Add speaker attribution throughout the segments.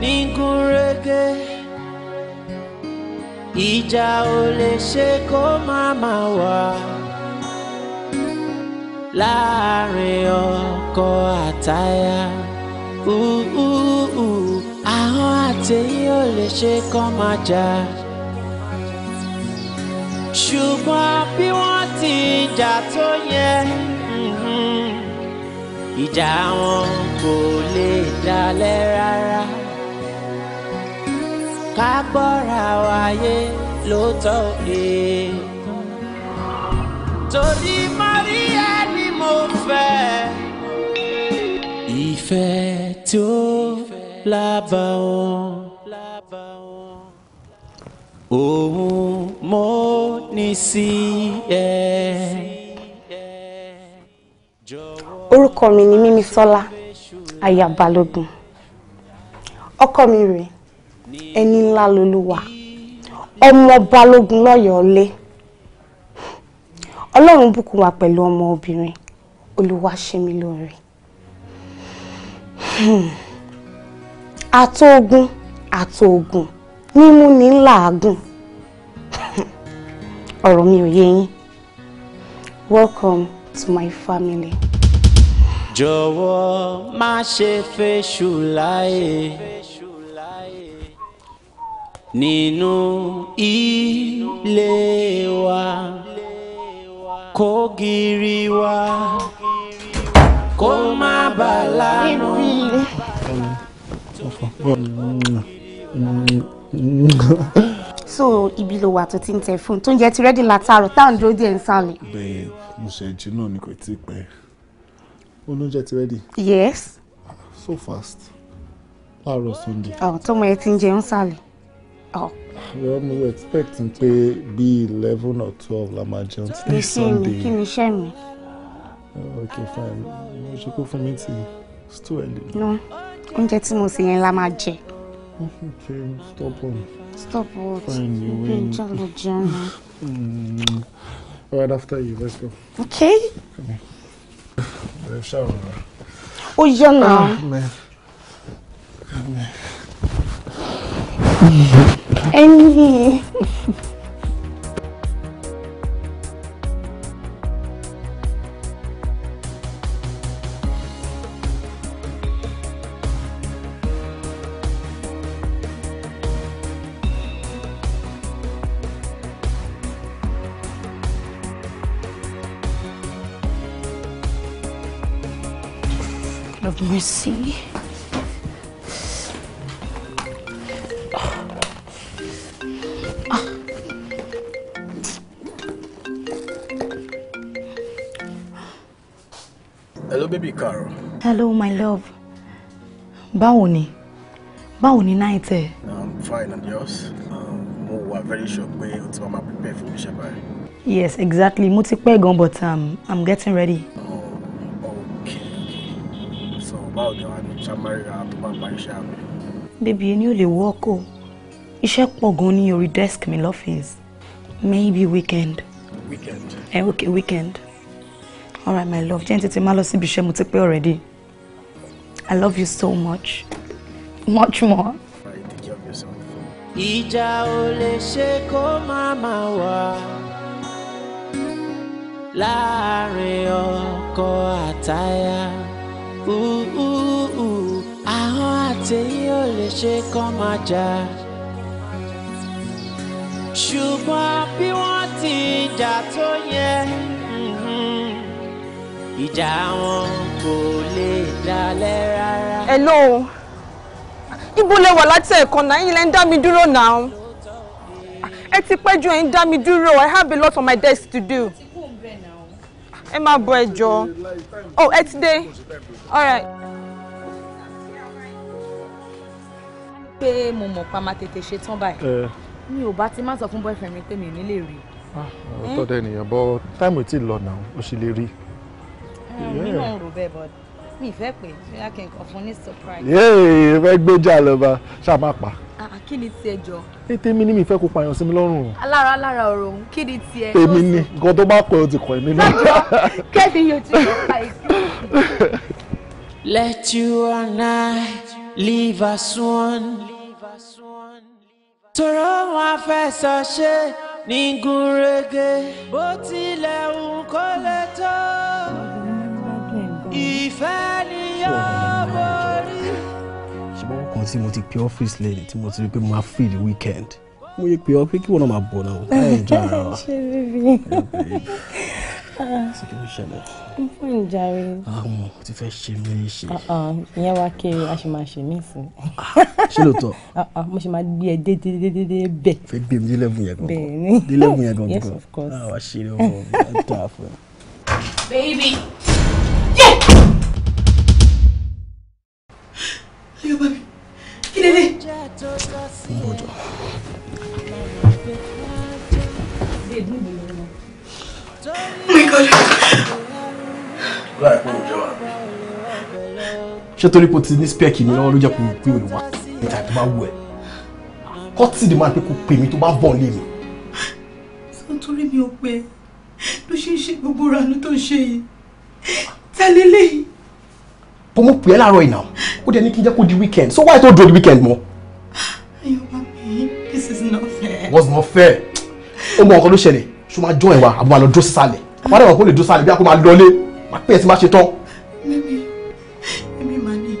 Speaker 1: nígún régé ìjà ò lè ṣe kó má má wà láàrin ọkọ àtaya àwọn àtẹ̀yìn ò lè ṣe kó má jà ṣùgbọ́n bí wọ́n ti jà tó yẹ mhm, ìjà wọn kò lè dalẹ̀ rárá ká gbọ́ra wáyé lóòótọ́ òye. torí Maria ni mo fẹ́. ìfẹ́ tí ó lábà wọn. òun mo ní sí ẹ.
Speaker 2: orúkọ mi ni mímísọ́lá aya balógun ọkọ mi rèé ẹni ńlá lolúwa ọmọ balógun lọ́yọ̀ọ́ ọlé ọlọ́run bùkún wa pẹ̀lú ọmọ obìnrin olúwa ṣe mí lóore hmm. àtòògùn àtòògùn mímú ní làágùn ọ̀rọ̀ mi ò yé yín welcome to my family.
Speaker 1: jọ̀wọ́ má ṣe fẹ́ ṣù láyé nínú ilé wa kógiri wa kó má bà lánà.
Speaker 2: so ibi ló wà tó ti ń tẹ fún tó ń jẹ ti rẹ́dí látàárọ̀ táwọn dúró díẹ̀ ń sálẹ̀.
Speaker 3: bẹ́ẹ̀ mo ṣe jí náà ni kò tí ì pẹ́ olóúnjẹ ti rẹ́dí.
Speaker 2: yes. so fast
Speaker 3: láàárọ̀ sunday.
Speaker 2: ọ̀ tọ́mọ ẹ ti ń jẹun sálẹ̀. Oh,
Speaker 3: Well, we were expecting to be eleven or twelve la máa jẹun Sunday. Kí
Speaker 2: ni iṣẹ́ mi?
Speaker 3: Uh, okay fine, mo should go for mi tí it's too early.
Speaker 2: No, I'm getting mo sè yẹn la Okay,
Speaker 3: stop on.
Speaker 4: Stop what? Fine, you
Speaker 5: win.
Speaker 3: Jẹ́ lọ jẹun. Mm. Right after you, let's go. Okay. Come here. Let's shower.
Speaker 2: Oh, yeah, now. Oh, man. Oh, man. And of mercy. hello my love báwo ni báwo ni night ẹ.
Speaker 4: i'm fine and yours um, mo um, wà very sure pé o ti máa prepare fún iṣẹ́ báyìí.
Speaker 2: yes exactly mo ti pẹ́ gan but um, i'm getting ready. Oh,
Speaker 4: okay so báwo ni wàá ní chamarira tó bá parí iṣẹ́ àmì.
Speaker 2: bébí ẹni ò lè work o iṣẹ́ pọ̀ gan ní orí desk mi lọ́fíìsì maybe weekend. weekend. eh, okay weekend all right my love jẹ́ ní tètè má lọ síbi iṣẹ́ mo ti pẹ́ already. I love you so much. Much more.
Speaker 1: Right, take care of yourself. Ìjà ò ọkọ àtaya. Àwọn àtẹ̀yìn ò lè ṣe kó máa jà. Ṣùgbọ́n bí wọ́n ti jà tó yẹ ìjà wọn kò lè dalẹ̀ rárá.
Speaker 6: hello ibo lẹ wà láti
Speaker 2: ẹ̀kan náà yín lẹ ń dá mi dúró náà ẹ ti pẹ́ jù ẹ̀ dá mi dúró I have a lot on my desk to do ẹ máa bọ ẹ jọ ọ oh, ẹ ti dé all right. pé mo mọ̀ pa máa tètè ṣe tán báyìí eh. mi ò bá ti má sọ fún boyfriend mi pé mi ò ní lè rí i. Ah,
Speaker 3: ọ̀tọ̀ dẹ̀ bọ́ táìmù tí lọ náà ó sì lè rí i
Speaker 2: fẹ́
Speaker 3: pé bóyá lọ́ba ṣáà
Speaker 2: kí ni tiẹ̀ jọ.
Speaker 3: ètè mi ni mi fẹ́ kó pààyàn sí mi lọ́rùn.
Speaker 2: alára alára ọ̀rọ̀ òun kí ni tiẹ̀.
Speaker 1: èmi
Speaker 3: ni nǹkan tó bá kọ ẹ ti kọ èmi náà.
Speaker 1: kẹ́mi yóò ti kọ́ pa Let you and I leave as one. Tọrọ wọn fẹ́ sọ ṣe ní gúnrégé. Bó tilẹ̀ ń kọ́lé tó ìfẹ́ ni yóò borí. ṣùgbọ́n wọn
Speaker 4: kàn tí mo ti pe ọ́fíìsì lẹ́yìn tí mo ti rí pé mo máa free the weekend mo yẹ pé ọ pé kí wọn náà máa bọ̀ náà ká ẹ̀ jọ ara wa.
Speaker 1: ṣé
Speaker 5: bíbí ṣe kí ló ṣẹlẹ̀. n fún ìjàre.
Speaker 4: àmọ́ o ti fẹ́ ṣe mí ṣe.
Speaker 2: ìyẹn wá kéré a sì máa ṣe mí sí. ṣé lóòótọ́.
Speaker 4: mo ṣe máa gbé ẹ dédédédé bẹ́ẹ̀. fẹ́ gbé mi délẹ́bùn yẹn gangan. bẹ́ẹ̀ ni yes of course. àwa ṣeré ọmọ mi ẹ tà fún
Speaker 2: baby.
Speaker 1: mi ò bá mi my
Speaker 3: god. láìpẹ́ òjò wa
Speaker 7: ṣé torí pé o ti ní spẹ́ẹ̀kì mi lọ́wọ́ ló jẹ́ kó o pé olùwà níta tó bá wù ẹ́ kọ́tì ni máa pé kó
Speaker 8: santori mi ò pé ló ṣe ń ṣe gbogbo ìrànú tó ń
Speaker 4: bọ́ mo pè é láàárọ̀ ìnà ó dẹ̀ ní kí n jẹ́ kó di weekend so why tó dúró di weekend mọ́.
Speaker 8: ayọ̀bá mi this is not fair.
Speaker 4: what's not fair? ó mọ nǹkan ló ṣẹlẹ̀
Speaker 7: ṣó máa join wa àbúrò àlọ́ dúró sísàlẹ̀ wọ́n dẹ̀ wọ́n kó lè dúró sísàlẹ̀ bí a kò máa lọlé máa pè é tí máa ṣe tán.
Speaker 8: mímí mímí máa ní.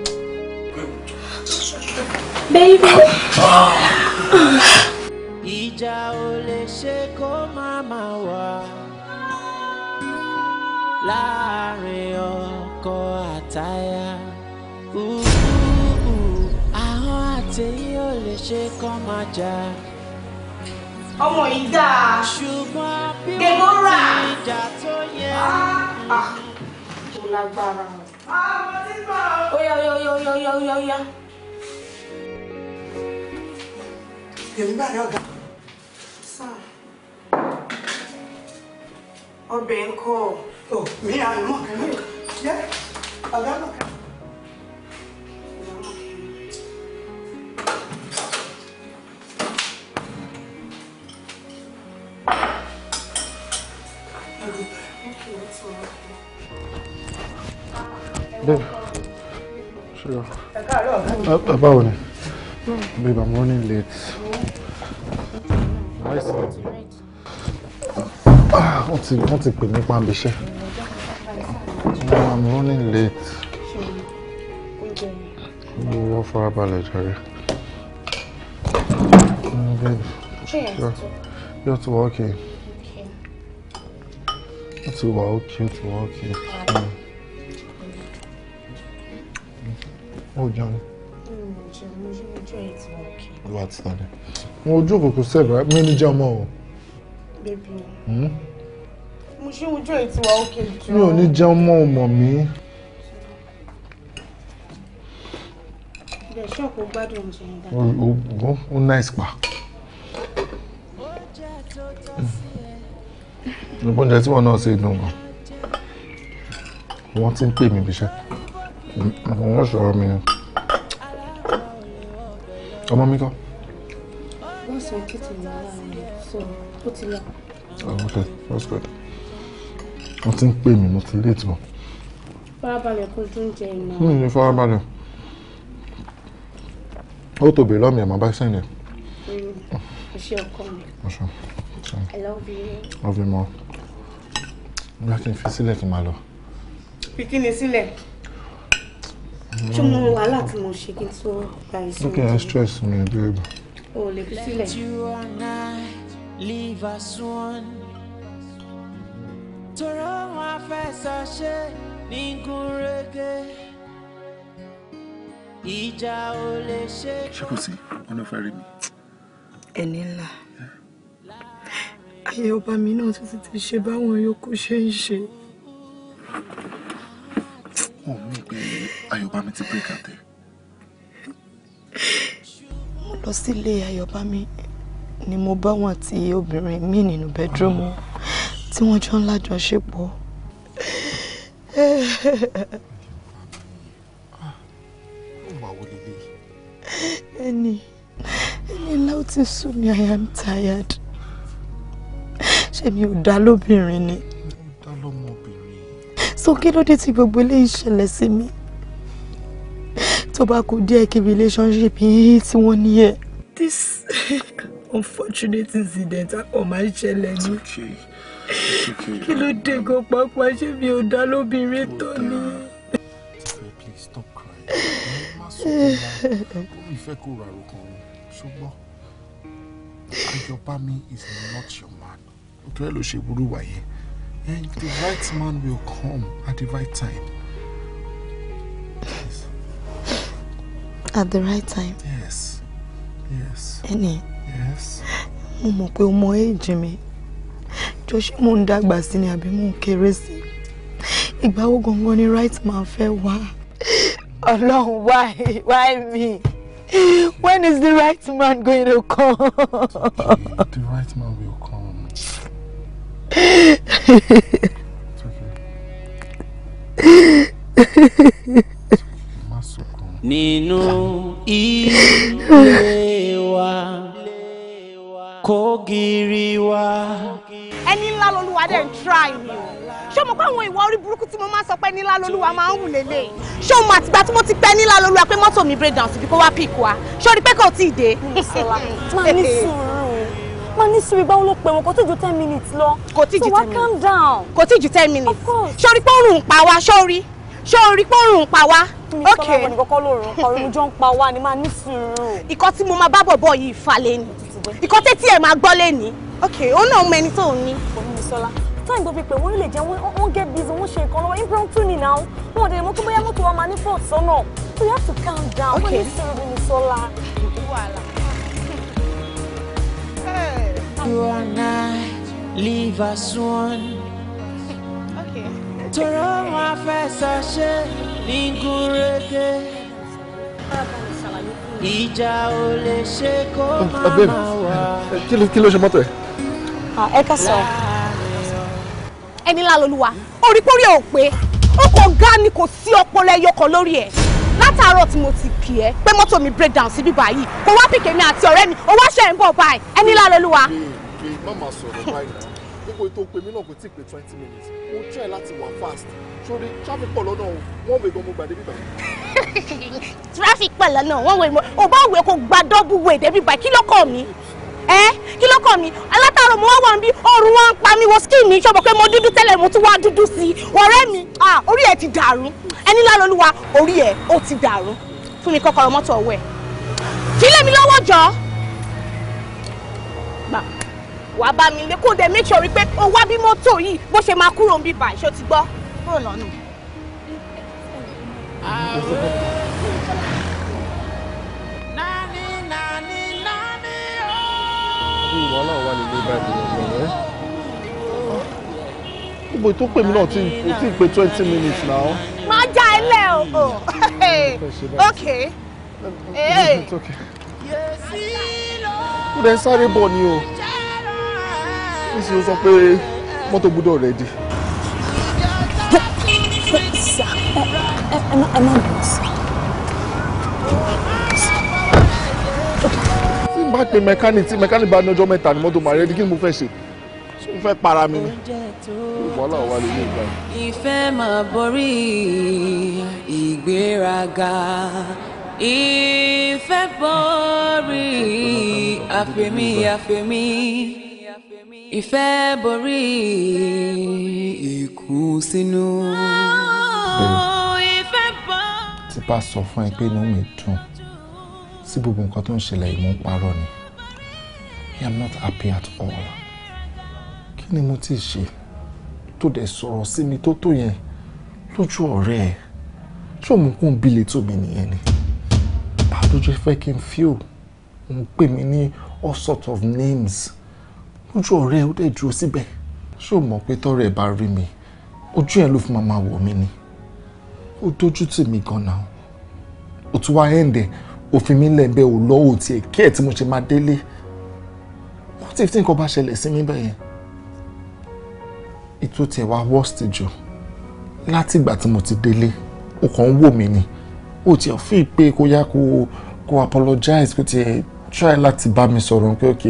Speaker 8: baby
Speaker 5: ìjà ò lè ṣe kó má má wà
Speaker 1: láàrin tire. Ooh, ooh, ooh. Ahọ́n àtẹ̀yìn ò lè ṣe kán máa jà.
Speaker 2: Ọmọ yìí dáa.
Speaker 1: Ṣùgbọ́n
Speaker 2: bí wọ́n ti ìjà tó yẹ. Ah, ah. Ó lágbára. Oya oya oya oya oya oya oya.
Speaker 4: Èmi bá rí ọ̀gá.
Speaker 8: Ọbẹ̀ ń kọ́. Ọ̀ mi àná. Yẹ́ ọ̀gá mọ̀ká.
Speaker 3: Babe, sugar. Uh, báwo ni? Babe, I'm running late. Ah, wọ́n ti wọ́n ti pè mí pa àbíṣẹ́. Oh, I'm running late.
Speaker 6: go mm, Sure.
Speaker 3: Mo wọ́ farabalẹ̀ jàre. Yóò tún wá òkè. Yóò tún wá òkè, yóò tún wá òkè. Ó jẹun. Ìwà àti tàlẹ̀. Mo ojú òkùnkùn sẹ́ẹ̀bù, mi ní jẹun mọ́ Baby. Hmm
Speaker 4: mo ṣe ojú ẹ̀ ti wá òkè jù. mi ò ní
Speaker 3: jẹun mọ́ ọmọ mi.
Speaker 6: ilé iṣẹ́ kò gbádùn oúnjẹ yẹn dáadáa.
Speaker 3: ó nice pa. oúnjẹ tí wọn náà ṣe dùn gan wọn ti ń pè mí bíṣẹ́ wọn sọ̀rọ̀ mi ni ọmọ mi kọ́.
Speaker 5: wọ́n sọ kìtìmọ́ láàrin so ó ti lọ. Oh,
Speaker 3: okay, that's good wọ́n ti ń pè mí mo ti léètì bọ̀.
Speaker 2: farabalẹ̀ kó tún jẹ iná. mi hmm, ní
Speaker 3: farabalẹ̀ ó tóbi lọ́mìí àmọ́ báyìí sẹ́yìn.
Speaker 2: ọṣẹ ọkọ mi. ọṣẹ I love you.
Speaker 3: love you more. bí a ti fi sílẹ̀ kí n máa lọ.
Speaker 2: fi kí sílẹ̀
Speaker 8: ṣé mo
Speaker 1: wàhálà tí mo ṣe kí n tó gba ìsinmi. lókè ẹ stress mi bí ẹ gbà. o lè fi sílẹ̀ tọrọ wọn afẹsàṣẹ ní gúnrégé ìjà ò lè ṣe. ṣé kò
Speaker 3: sí wọn náà fẹ́ rí mi.
Speaker 1: ẹni ńlá ayé ọba mi náà
Speaker 8: títí ti ṣe báwọn yòókù ṣe ń ṣe.
Speaker 3: wọn ò ní pé ayọ̀bá mi ti break àtẹ. mo
Speaker 8: lọ sílé ayọ̀bá mi ni mo bá wọn àti obìnrin mi nínú bẹ́dúrúmù. Oh tí wọ́n jọ ń lájọṣepọ̀. ẹni ẹni ńlá ó ti sùn ní I am tired ṣé mi ò dá lóbìnrin ni. dá lọ́mọbìnrin. so kí ló dé tí gbogbo eléyìí ṣẹlẹ̀ sí mi tó bá kú díẹ̀ kí relationship yìí tí wọ́n ní ẹ̀. this unfortunate incident a kò máa ń ṣẹlẹ̀ ní kí ló dé gan pàápàá ṣé mi ò dá lóbìnrin tán ni.
Speaker 3: please mi is not your man òtún ẹ̀ ló ṣe burú wáyé and the right man will come at the right time.
Speaker 8: Yes. At the right time? Yes. Yes. Ẹni. Yes. Mo mọ̀ pé o mọ èjì mi jọ ṣé mò ń dàgbà sí ni àbí mò ń kéré sí ìgbà gangan ni right man fẹ́ wá. ọlọ́run why why me when is the right man going to come. the, right man will
Speaker 5: come.
Speaker 1: it's nínú ilé.
Speaker 2: àwọn ìwà orí burúkú tí mo máa sọ pé nílá lolúwa máa ń wù lélẹ̀ ṣé òun àtìgbà tí mo ti pẹ́ nílá lolúwa pé mọ́tò mi break down síbi kó wá pick wa ṣé o rí pé kò tí ì dé. máa ní sùúrù máa ní sùúrù báwo ló pè wọn kò tí ju ten minutes lọ. kò tí ju ten minutes so wá calm down. kò tí ju ten minutes. ṣé o rí pé òórùn ń pa wá ṣé o rí ṣé o rí pé òórùn ń pa wá ok ìkọ́ tí mo máa bá bọ̀bọ̀ yìí fà lẹ́nu ìkọ́ tẹ́tí ẹ̀ máa gbọ́ lẹ́nu ok òun náà mọ ẹni tó ń ní. onímísọ́lá time tó fi pè wọ́n lè jẹ́ wọ́n get busy wọ́n ṣe nǹkan lọ́wọ́ impromptu ni now wọ́n dẹ̀ mọ́ kó bóyá mọ́tò wa máa ní fọ́ọ̀t sọ́nà so you have to calm down wọ́n ní sọ̀rọ̀ ní sọ́la.
Speaker 1: You and I leave as one. Tọrọ wọn a ṣàṣẹ ní gúrégé. Ìjà ò lè ṣe kó oh, máa oh,
Speaker 3: wà. Kí ló ṣe mọ́tò ẹ̀?
Speaker 1: Ah, ẹ ká sọ
Speaker 2: ẹni lálọ́lúwa orí pórí ò pé ó kò gá ni kò sí ọpọlọ ẹyọ kan lórí ẹ látàárọ̀ tí mo ti kì ẹ́ pé mọ́tò mi break down síbí báyìí kò wá pìkẹ́ mi àti ọ̀rẹ́ mi ó wá ṣe ń bọ̀ báyìí ẹni lálọ́lúwa.
Speaker 3: bèbè má máa sọ̀rọ̀ báyìí gbogbo ètò òpè mi náà kò tí ì pé twenty minutes mo try láti wà fast sórí traffic pọ̀ lọ́nà wọ́n wé gan
Speaker 2: mo gbà débi báyìí. traffic pọ̀ lọ́nà wọ́n wé mo ò bá wé kó gba double way débi báyìí kí lọ́kọ̀ mi ẹ eh, kí ló kàn mí alátàrò mo wá wà níbí ọrùn wa ń pa mi wọ skin mi ṣọ́bọ̀ pé mo dúdú tẹ́lẹ̀ mo tún wá dúdú sí i ọ̀rẹ́ mi orí ẹ̀ ti dàrú ẹni lálọ́lúwa orí ẹ̀ ó ti dàrú fún mi kọ́kọ́rọ́ mọ́tò ọwọ́ ẹ̀ kí lèmi lọ́wọ́ jọ gbà wà bá mi lé kó dẹ̀ make sure pé o wá bí mọ́tò yìí bó ṣe máa kúrò ń bíbà ṣó ti gbọ́ kúrò lọ́nà.
Speaker 4: ìwọ náà wà nílé báyìí
Speaker 3: pè mí náà ti ti pé twenty minutes now.
Speaker 4: máa já ẹ
Speaker 2: lẹ
Speaker 5: o. ok.
Speaker 3: kó dẹ́ sáré bọ̀ ni o níṣẹ́ ló sọ pé mọ́tò gbúdọ̀ rẹ̀ di.
Speaker 5: ẹ má bọ̀ sí i.
Speaker 3: n bá pe mẹkáníìkì tí mẹkáníìkì bá ní ọjọ́ mẹ́ta ni mọ́tò máa rẹ́dí kí ni mo fẹ́ ṣe tí mo fẹ́ para mi
Speaker 5: ni wàhálà wà lórí ìgbà.
Speaker 9: ìfẹ́ máa borí ìgbéraga ìfẹ́ borí àfẹ́mí àfẹ́mí ìfẹ́ borí ìkùnsínú. ìfẹ́
Speaker 3: borí. tí sọ fún ẹ pé inú mi dùn sí gbogbo nǹkan tó ń ṣẹlẹ̀ yìí ni I am not happy at all kí ni mo ti ṣe tó dẹ̀ sọ̀rọ̀ sí mi tó tó yẹn
Speaker 4: lójú ọ̀rẹ́ ẹ̀
Speaker 3: ṣé òun kò ń bilẹ̀ tó mi nìyẹn ni báwo fẹ́ kí n feel òun pè mí ní all sorts of names lójú ọ̀rẹ́ ẹ̀ ó dẹ̀ dúró síbẹ̀ ṣé o mọ̀ pé tọ́rẹ́ ẹ̀ bá rí mi ojú ẹ̀ ló fi máa máa wò mí ni ó dójú tì mí gan-an ó tún wá ẹ̀ ń dẹ̀ òfin mi lẹ́ẹ̀bẹ̀ ò lọ́wọ́ tiẹ̀ kí ẹ̀ tí mo ṣe máa délé what if tí nǹkan bá ṣẹlẹ̀ sí mi bẹ́yẹn ètò tiẹ̀ wá worst jù láti ìgbà tí mo ti délé o kàn ń wò mí ni o tiẹ̀ fún ìpè kó yá kó kó apologize kó tiẹ̀ try láti bá mi sọ̀rọ̀ pé ok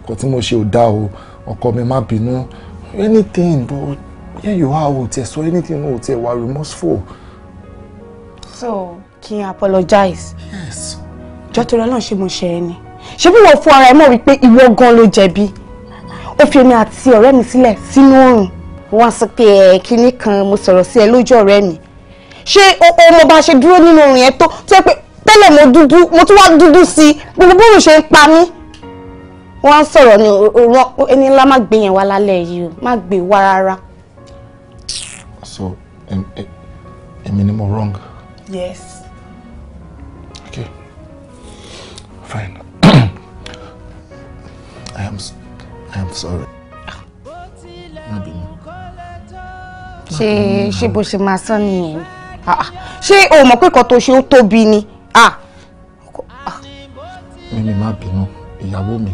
Speaker 3: nǹkan tí mo ṣe ò dá o ọkọ mi má bínú anything but here you are o tiẹ̀ sọ anything o tiẹ̀ wà remorseful.
Speaker 2: so can you apologize? yes jọ́ torí ọlọ́run ṣé mo ṣe ẹ ni ṣé bí wọ́n fún ara ẹ mọ̀ wípé ìwọ gan ló jẹ̀bi ó fi èmi àti ọ̀rẹ́ mi sílẹ̀ sínú oòrùn wọ́n sọ pé ẹ kinní kan mo sọ̀rọ̀ sí ẹ lójú ọ̀rẹ́ mi ṣé ọmọ bá ṣe dúró nínú oòrùn yẹn tó tó pé tẹ́lẹ̀ mo dúdú mo tún wá dúdú sí i gbogbo bóun ṣe ń pa mí wọ́n sọ̀rọ̀ ni òun ẹni ńlá má gbé yẹn wá lálẹ́ yìí o má gbé wá rárá.
Speaker 3: so èmi ni mo wrong. yes. Fine. I am I am sorry. Má bínú.
Speaker 2: Ṣé ṣé bó ṣe máa sán nìyẹn? Ah, ah. Ṣé o mọ̀ pé kan tó ṣe ó tóbi ni? Ah.
Speaker 3: Mímí má bínú, ìyàwó mi,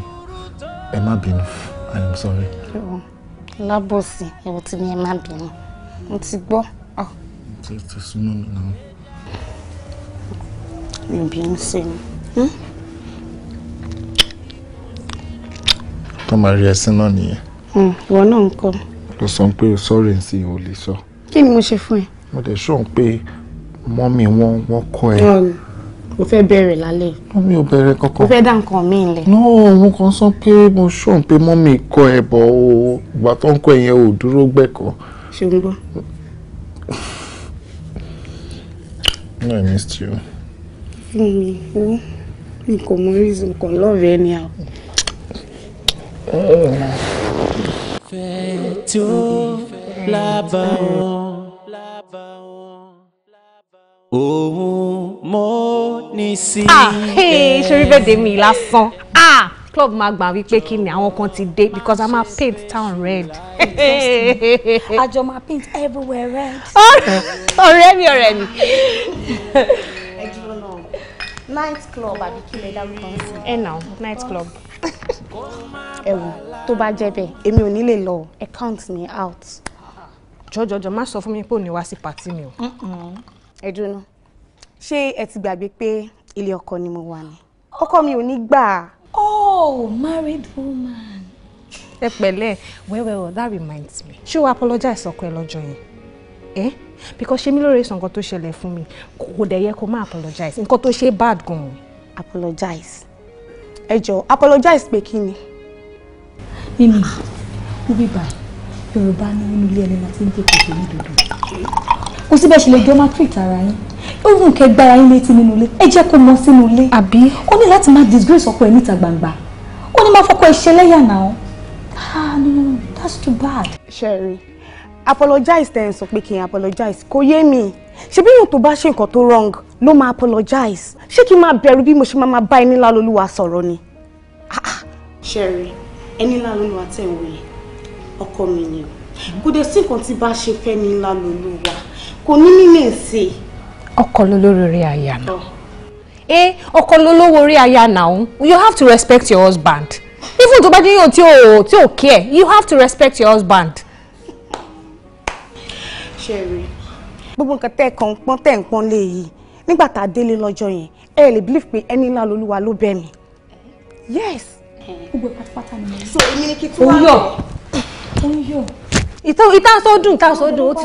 Speaker 3: ẹ má bínú, I am sorry.
Speaker 2: Lábòsí, ẹ̀wọ̀ tí mi ẹ má bínú, mo ti gbọ́.
Speaker 3: Ṣé ti súnmọ́ mi náà?
Speaker 2: Mi ò bínú sí mi. Hmm?
Speaker 3: tó máa rí ẹsìn náà nìyẹn.
Speaker 2: Hmm, ìwọ náà ń kọ.
Speaker 3: ló sọ pé o sọ̀rọ̀ sí i ò lè sọ.
Speaker 2: kí ni mo ṣe fún ẹ.
Speaker 3: mo dẹ̀ sọ pé mọ́mì wọn wọ́n kọ́ ẹ.
Speaker 2: mo fẹ́ bẹ̀rẹ̀ lálẹ́.
Speaker 3: mọ́mì ò bẹ̀rẹ̀ kankan. mo fẹ́ dá
Speaker 2: nǹkan mi lẹ̀.
Speaker 3: no mo kàn sọ pé mo sọ pé mọ́mì kọ́ ẹ bọ̀ o ìgbà tó ń kọ́ ẹ yẹn ò dúró gbẹ̀kọ́. ṣe ń gbọ́. no I missed you.
Speaker 2: fún mi ó mi kò mọ reason kan
Speaker 1: lọ́ọ̀rẹ́ ni àwọn fẹ́ tó lábà wọn òun mo ní sí. ṣorí bẹ́ẹ̀ dé mi lásán
Speaker 2: ah, club máa gbà wípé kí ni àwọn kan ti dé because i ma paint town red. àjọ ma paint everywhere red. ọ̀rẹ́ mi ọ̀rẹ́ mi. night club àbí kí lè dárúkọ sí. ẹ nà night club ẹ wò tó bá jẹ́ bẹ́ẹ̀ èmi ò ní lè lọ ẹ count me out. jọjọjọ má sọ fún mi pé ò ní wá sí pàtí mi o. ẹ dúró ṣé ẹ ti gbàgbé pé ilé ọkọ ni mo wà ní ọkọ mi ò ní gbà. oh married woman. ẹ pẹ̀lẹ́ well well that reminds me ṣé o apologize ọkọ ẹ lọ́jọ́ yẹn ẹ eh? because ṣé mi lóore sọ nǹkan tó ṣẹlẹ̀ fún mi kò dẹ̀ yẹ kó má apologize nǹkan tó ṣe bad gan-an. apologize Ejo, jọ̀ọ́ apologize pé kí ni. mímí ó bí báyìí yorùbá ní inú ilé ẹni láti ń tètè tó ní dòdò kò síbẹ̀ ṣe lè jọ máa treat ara yín ó mú kẹ gbára yín létí nínú ilé ẹ jẹ́ kó mọ sínú ilé àbí ó ní láti máa disgrace ọkọ ẹ níta gbangba ó ní máa fọkọ ẹ ṣẹlẹ́yà náà ah no no that's too bad. sherry apologize then, so sọ pé kí n apologize kò yé mi ṣebí èèyàn tó bá ṣe nǹkan tó wrong ló máa apologize ṣé kí n máa bẹ̀rù bí mo ṣe máa máa bá ẹni lálólúwa sọ̀rọ̀ ni. Ah, ah. ṣẹ́rí ẹni lálólúwa tẹ̀ ń wí ọkọ mi ni kò dé sí nǹkan tí bá ṣe fẹ́ ní lálólúwa kò ní nílé sí i. ọkọ ló rí àyà náà oh. ẹ ọkọ ló rí àyà náà you have to respect your husband even tó bá jẹ́ yóò tí ò tí ò care you have to respect your husband. Sherry gbogbo nǹkan tẹ́ kàn ń pọ́n tẹ́ ń pọ́n lé yìí nígbà tá a délé lọ́jọ́ yẹn ẹ lè believe pé ẹni ńlá lolúwa ló bẹ̀ mí. yes. gbogbo pátápátá ni mo rí. so èmi ni kí tí wàá lọ. ó ń yọ. ìtàn ó ti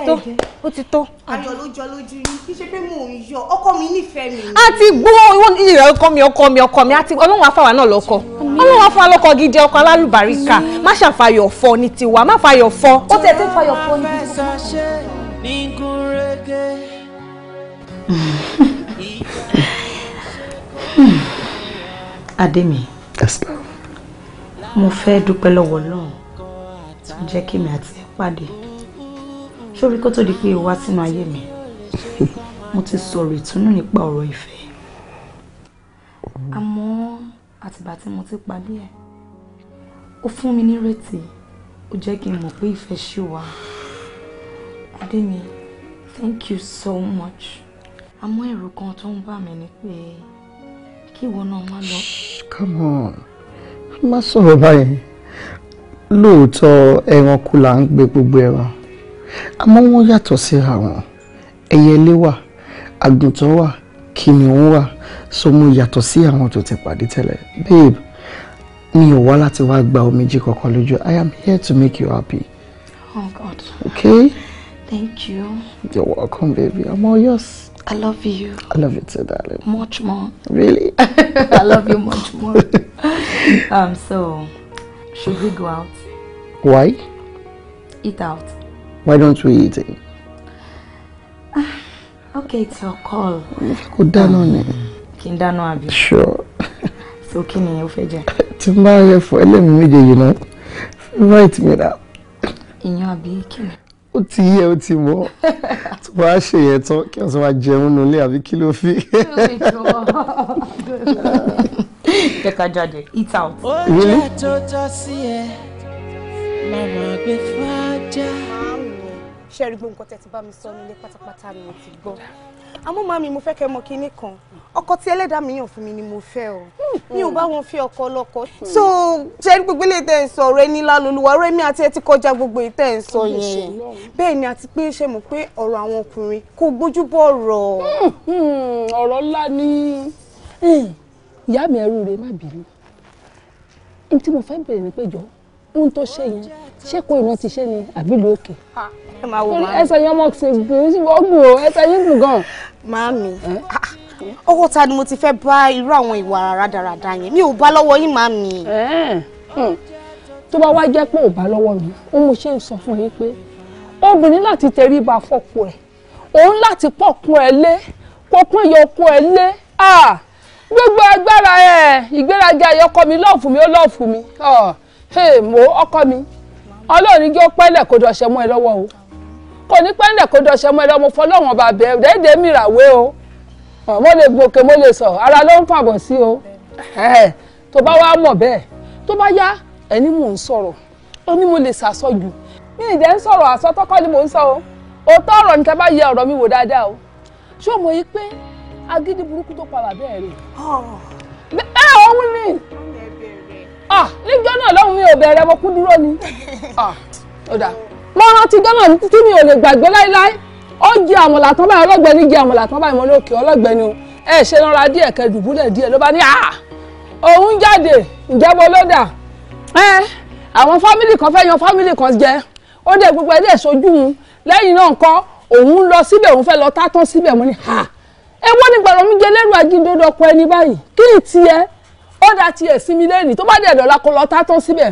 Speaker 2: tó ó ti tó. ayọ̀ ló jọ lójú yín kí ṣe pé mò ń yọ ọkọ mi nífẹ̀ẹ́ mi. a ti gbọ́ ìwọ ìrẹ̀ ọkọ mi ọkọ mi ọkọ mi àti ọlọ́run afáwa náà lọ́kọ ọlọ́run afáwa lọ́kọ gidi ọkọ alálùbáríkà má ṣàfàyọ̀ fọ ní tiwa má fàyọ̀ fọ ó Adémi. Mo fẹ́ dúpẹ́ lọ́wọ́ Ọlọ́run tó jẹ́ kí mi àti pàdé. Sórí kó tó di pé o wá sínú ayé mi. Mo ti sọ̀rọ̀ ìtúnú nípa ọ̀rọ̀ ìfẹ́. Àmọ́ àtìgbà tí mo ti pàdé ẹ̀, ó fún mi nírètí, ó jẹ́ kí n mọ̀ pé ìfẹ́ ṣì wà. Adémi thank you so much àmọ́ ẹ̀rù kan tó ń bà mí ni pé kí ìwọ náà má lọ.
Speaker 4: come on má sọ̀rọ̀ báyìí lóòótọ́ ẹranko là ń gbé gbogbo ẹran àmọ́ wọ́n yàtọ̀ síra wọn ẹyẹlé wà àgùntàn wà kìnìún wà so mo yàtọ̀ sí àwọn tó ti pàdé tẹ́lẹ̀ babe mi ò wá láti wá gba omijì kankan lójú i am here to make you happy. oh god. okay.
Speaker 2: Thank you.
Speaker 4: You're welcome, baby. I'm all yours.
Speaker 2: I love you.
Speaker 4: I love you too, darling. Much more. Really?
Speaker 2: I love you much more. um, so, should we go out? Why? Eat out.
Speaker 4: Why don't we eat it?
Speaker 2: okay, it's your call. Kò dáná ni. Um, kí n abi. Sure. so, kí ni o fẹ́
Speaker 4: jẹ? Tí n bá you fún ẹlẹ́mìí méje me now. Ìyàn àbí kí ni? ó ti yẹ ó ti mọ tó bá ṣe yẹn tán kí wọn sọ máa jẹun nulẹ àbí kí ló fi. jẹ́ jáde eat out.
Speaker 2: ó jẹ́
Speaker 1: tó tọ́ sí ẹ màmá gbé fájá. ṣé ẹ rí gbogbo nǹkan ti bá mi sọ nílé pátápátá ni mo ti gbọ́ àmọ́
Speaker 2: màmí mo fẹ́ kẹ́ mọ kinní kan ọkọ tí ẹlẹ́dàá mi yàn fún mi ni mo fẹ́ o mi ò bá wọn fi ọkọ lọ́kọ. so ṣe gbogbo ilé tẹ̀ ń sọ ọ̀rọ̀ ẹni lálólúwa ọ̀rọ̀ èmi àti ẹ ti kọjá gbogbo ìtẹ̀ ń sọ yẹn bẹ́ẹ̀ ni àti pé ṣe mọ̀ pé ọ̀rọ̀ àwọn ọkùnrin kò gbójú bọ̀ ọ̀rọ̀. Hmm,
Speaker 6: hmm, ọ̀rọ̀ ńlá ni hmm, ìyá mi ẹrú rẹ má bínú ní tí mo fẹ́ bẹ̀rẹ̀ ní péjọ ohun tó ṣe yẹn ṣé kó ìran ti ṣe ni àbílù òkè.
Speaker 2: ẹ máa wò máa mi ẹsẹ̀
Speaker 6: yẹn ọmọ ṣègùn ọgbọ̀n ẹsẹ̀ yín gùn gan. máa
Speaker 2: mi ọwọ́ ta ni mo ti fẹ́ bá irú àwọn ìwà rádaràda yẹn mi ò bá lọ́wọ́ yín máa mi. tó bá wá jẹ́
Speaker 6: pé ò bá lọ́wọ́ mi ó mo ṣe ń sọ fún yín pé obìnrin láti tẹríba fọ́kọ ẹ̀ òun láti pọ̀kun ẹ̀ lé kókún iye okun ẹ̀ lé gbogbo agbára ẹ̀ ìgbéraga ẹ̀ ọkọ mi lọ́ọ̀fù mi ó lọ́ọ̀fù mi mo ọkọ mi ọlọ́run jẹ́ pẹ́lẹ̀ kó dọ̀ṣẹ́ mọ́ ẹ lọ́wọ́ o kò ní pẹ́lẹ̀ kó dọ̀ṣẹ́ mọ́ ẹ lọ́wọ́ mo fọlọ́wọ́n bàbẹ́ rẹ́ẹ̀dẹ́ mìràwé o mo lè gòkè mo lè sọ ara ló ń fàbọ̀ sí o tó bá wá mọ̀ bẹ́ẹ̀ tó bá yá ẹni mò ń sọ̀rọ̀ ó ní mo lè sàsọjù mi ìjẹ́ ń sọ̀rọ̀ àsọtọ́kọ́ ni mò ń sọ o òótọ́ ọ̀rọ̀ ni ká bá yẹ ọ̀rọ̀ mi wò dáadáa o ṣé o mọ̀ yìí pé agídí burúkú tó pa bàbá ẹ̀ é ẹ òun ni níjọ́ náà lọ́hùn mi ò bẹ̀rẹ̀ mo kú dúró ni ó dà mo rántí gánà títí mi ò lè gbàgbé láéláé ó jẹ àmọ̀là tán báyìí ọlọ́gbẹ́ni jẹ àmọ̀là tán báyìí mo ní òkè ọlọ́gbẹ́ni o ẹ ṣe lọ́ra díẹ̀ kẹ dùbúlẹ̀ díẹ̀ ló bá ní à ah, òun jáde ìjẹ́bọ lọ́dà ẹ àwọn fámìlì kan fẹ́ yan fámìlì kan jẹ ó dé gbogbo ẹ̀ dé sojú un lẹ́yìn náà nǹkan òun lọ síbẹ̀ òun fẹ́ lọ tátán síbẹ̀ mo ní à ẹ wọ́n ní gbàdọ̀ mi jẹ lẹ́rù ajídodo ọkọ ẹni báyìí kí ni tiẹ̀ ó dá tiẹ̀ sí mi lẹ́yìn tó bá dẹ̀ dọ̀la kó lọ tátán síbẹ̀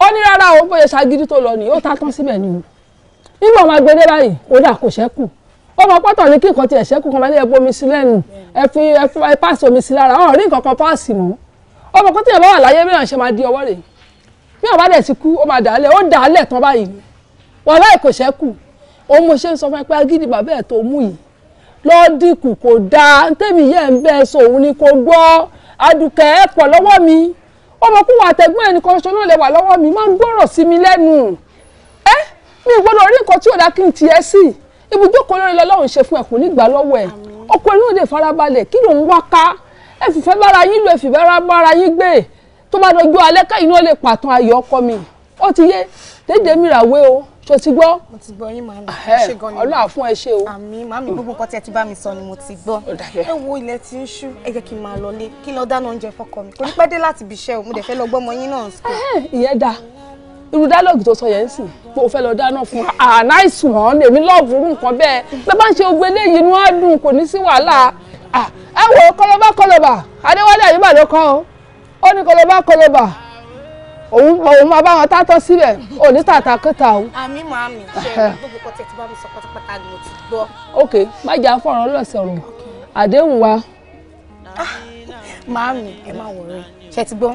Speaker 6: ó ní rárá o bóyá ṣagídí tó lọ nìyí ó tátán síbẹ̀ ni o nígbà wọn agbede báyìí ó dà kò ṣẹ́kù ọmọ pátọ̀ ní kí nǹkan tiẹ̀ ṣẹ́kù kan máa ní ẹbú omi sí lẹ́nu ẹ fi ẹ fi páàsì omi sí lára ọ̀rìn nǹkan kan páàsì mọ́ ọmọ kan tí yẹn bá wà láyé bí wọn ṣe máa di ọwọ́ rẹ̀ bí wọn bá dẹ̀ ti kú ó máa dà ó dà tán báyìí wọn láì kò ṣẹ́kù òun mo ṣe ń sọ fún ẹ pé agídí bàbá ẹ̀ tó mú yìí lọ́ọ́ kò dáa ntẹ́mi yẹn ń bẹ́ẹ̀ sọ òun ni kò gbọ́ adùkẹ́ ẹ̀ pọ̀ lọ́wọ́ mi ọmọ àtẹ̀gbọ́n ẹnì kan ṣo lè wà lọ́wọ́ mi máa ń gbọ́rọ̀ sí mi lẹ́nu mi ìgbọ́dọ̀ rí nǹkan tí ò dáa kí n tiẹ̀ sí ibùjókòó lórí lọ́lọ́run ṣe fún ẹ̀kún nígbà lọ́wọ́ ẹ̀ ọkọ inú òde farabalẹ̀ kí lòun wá ká ẹ fìfẹ́ bára yín lò ẹ fìfẹ́ bára yín gbé tó bá dojú alẹ́ ká iná lè pàtàn ayọ̀ ọkọ mi ó ti yé dédé mi ràwé o ṣó ti gbọ́.
Speaker 2: mo ti gbọ́ yín màmí ṣe gan ni ọlọ́run àfún ẹ ṣe o. àmín màmí gbogbo nǹkan tí ẹ ti bá mi sọ ni mo ti gbọ́. ẹ wo ilẹ̀ tí ń ṣú ẹ jẹ́ kí n máa lọlé kí n lọ dáná oúnjẹ fọ́kọ mi kò ní pẹ́ dé láti ibi iṣẹ́
Speaker 6: o mo dẹ̀ fẹ́ lọ gbọ́mọ yín náà. ìyẹn dáa irú dialogue tó sọ yẹn sì pé o fẹ́ lọ dáná fún a nice one èmi lọ́ọ̀bù irú nǹkan bẹ́ẹ̀ pé bá ń ṣe ogun eléyìí inú á dùn kò ní sí wàhálà ẹ wo kọlọba kọlọba adéwálé àyíbá ló kàn ó ó ní kọlọba kọlọba òun òun máa bá wọn tátọ́ síbẹ̀ òní tàtà kẹta o.
Speaker 2: àmì màá mi ṣe gbogbo kọtẹ tí bá mi sọ pátápátá ni mo ti gbọ́.
Speaker 6: ok má jà fọ̀rọ̀ lọ́sẹ̀ ọ̀rọ̀ àdéhùn wa. Màámi ẹ má wọrí ṣe ti gbọ́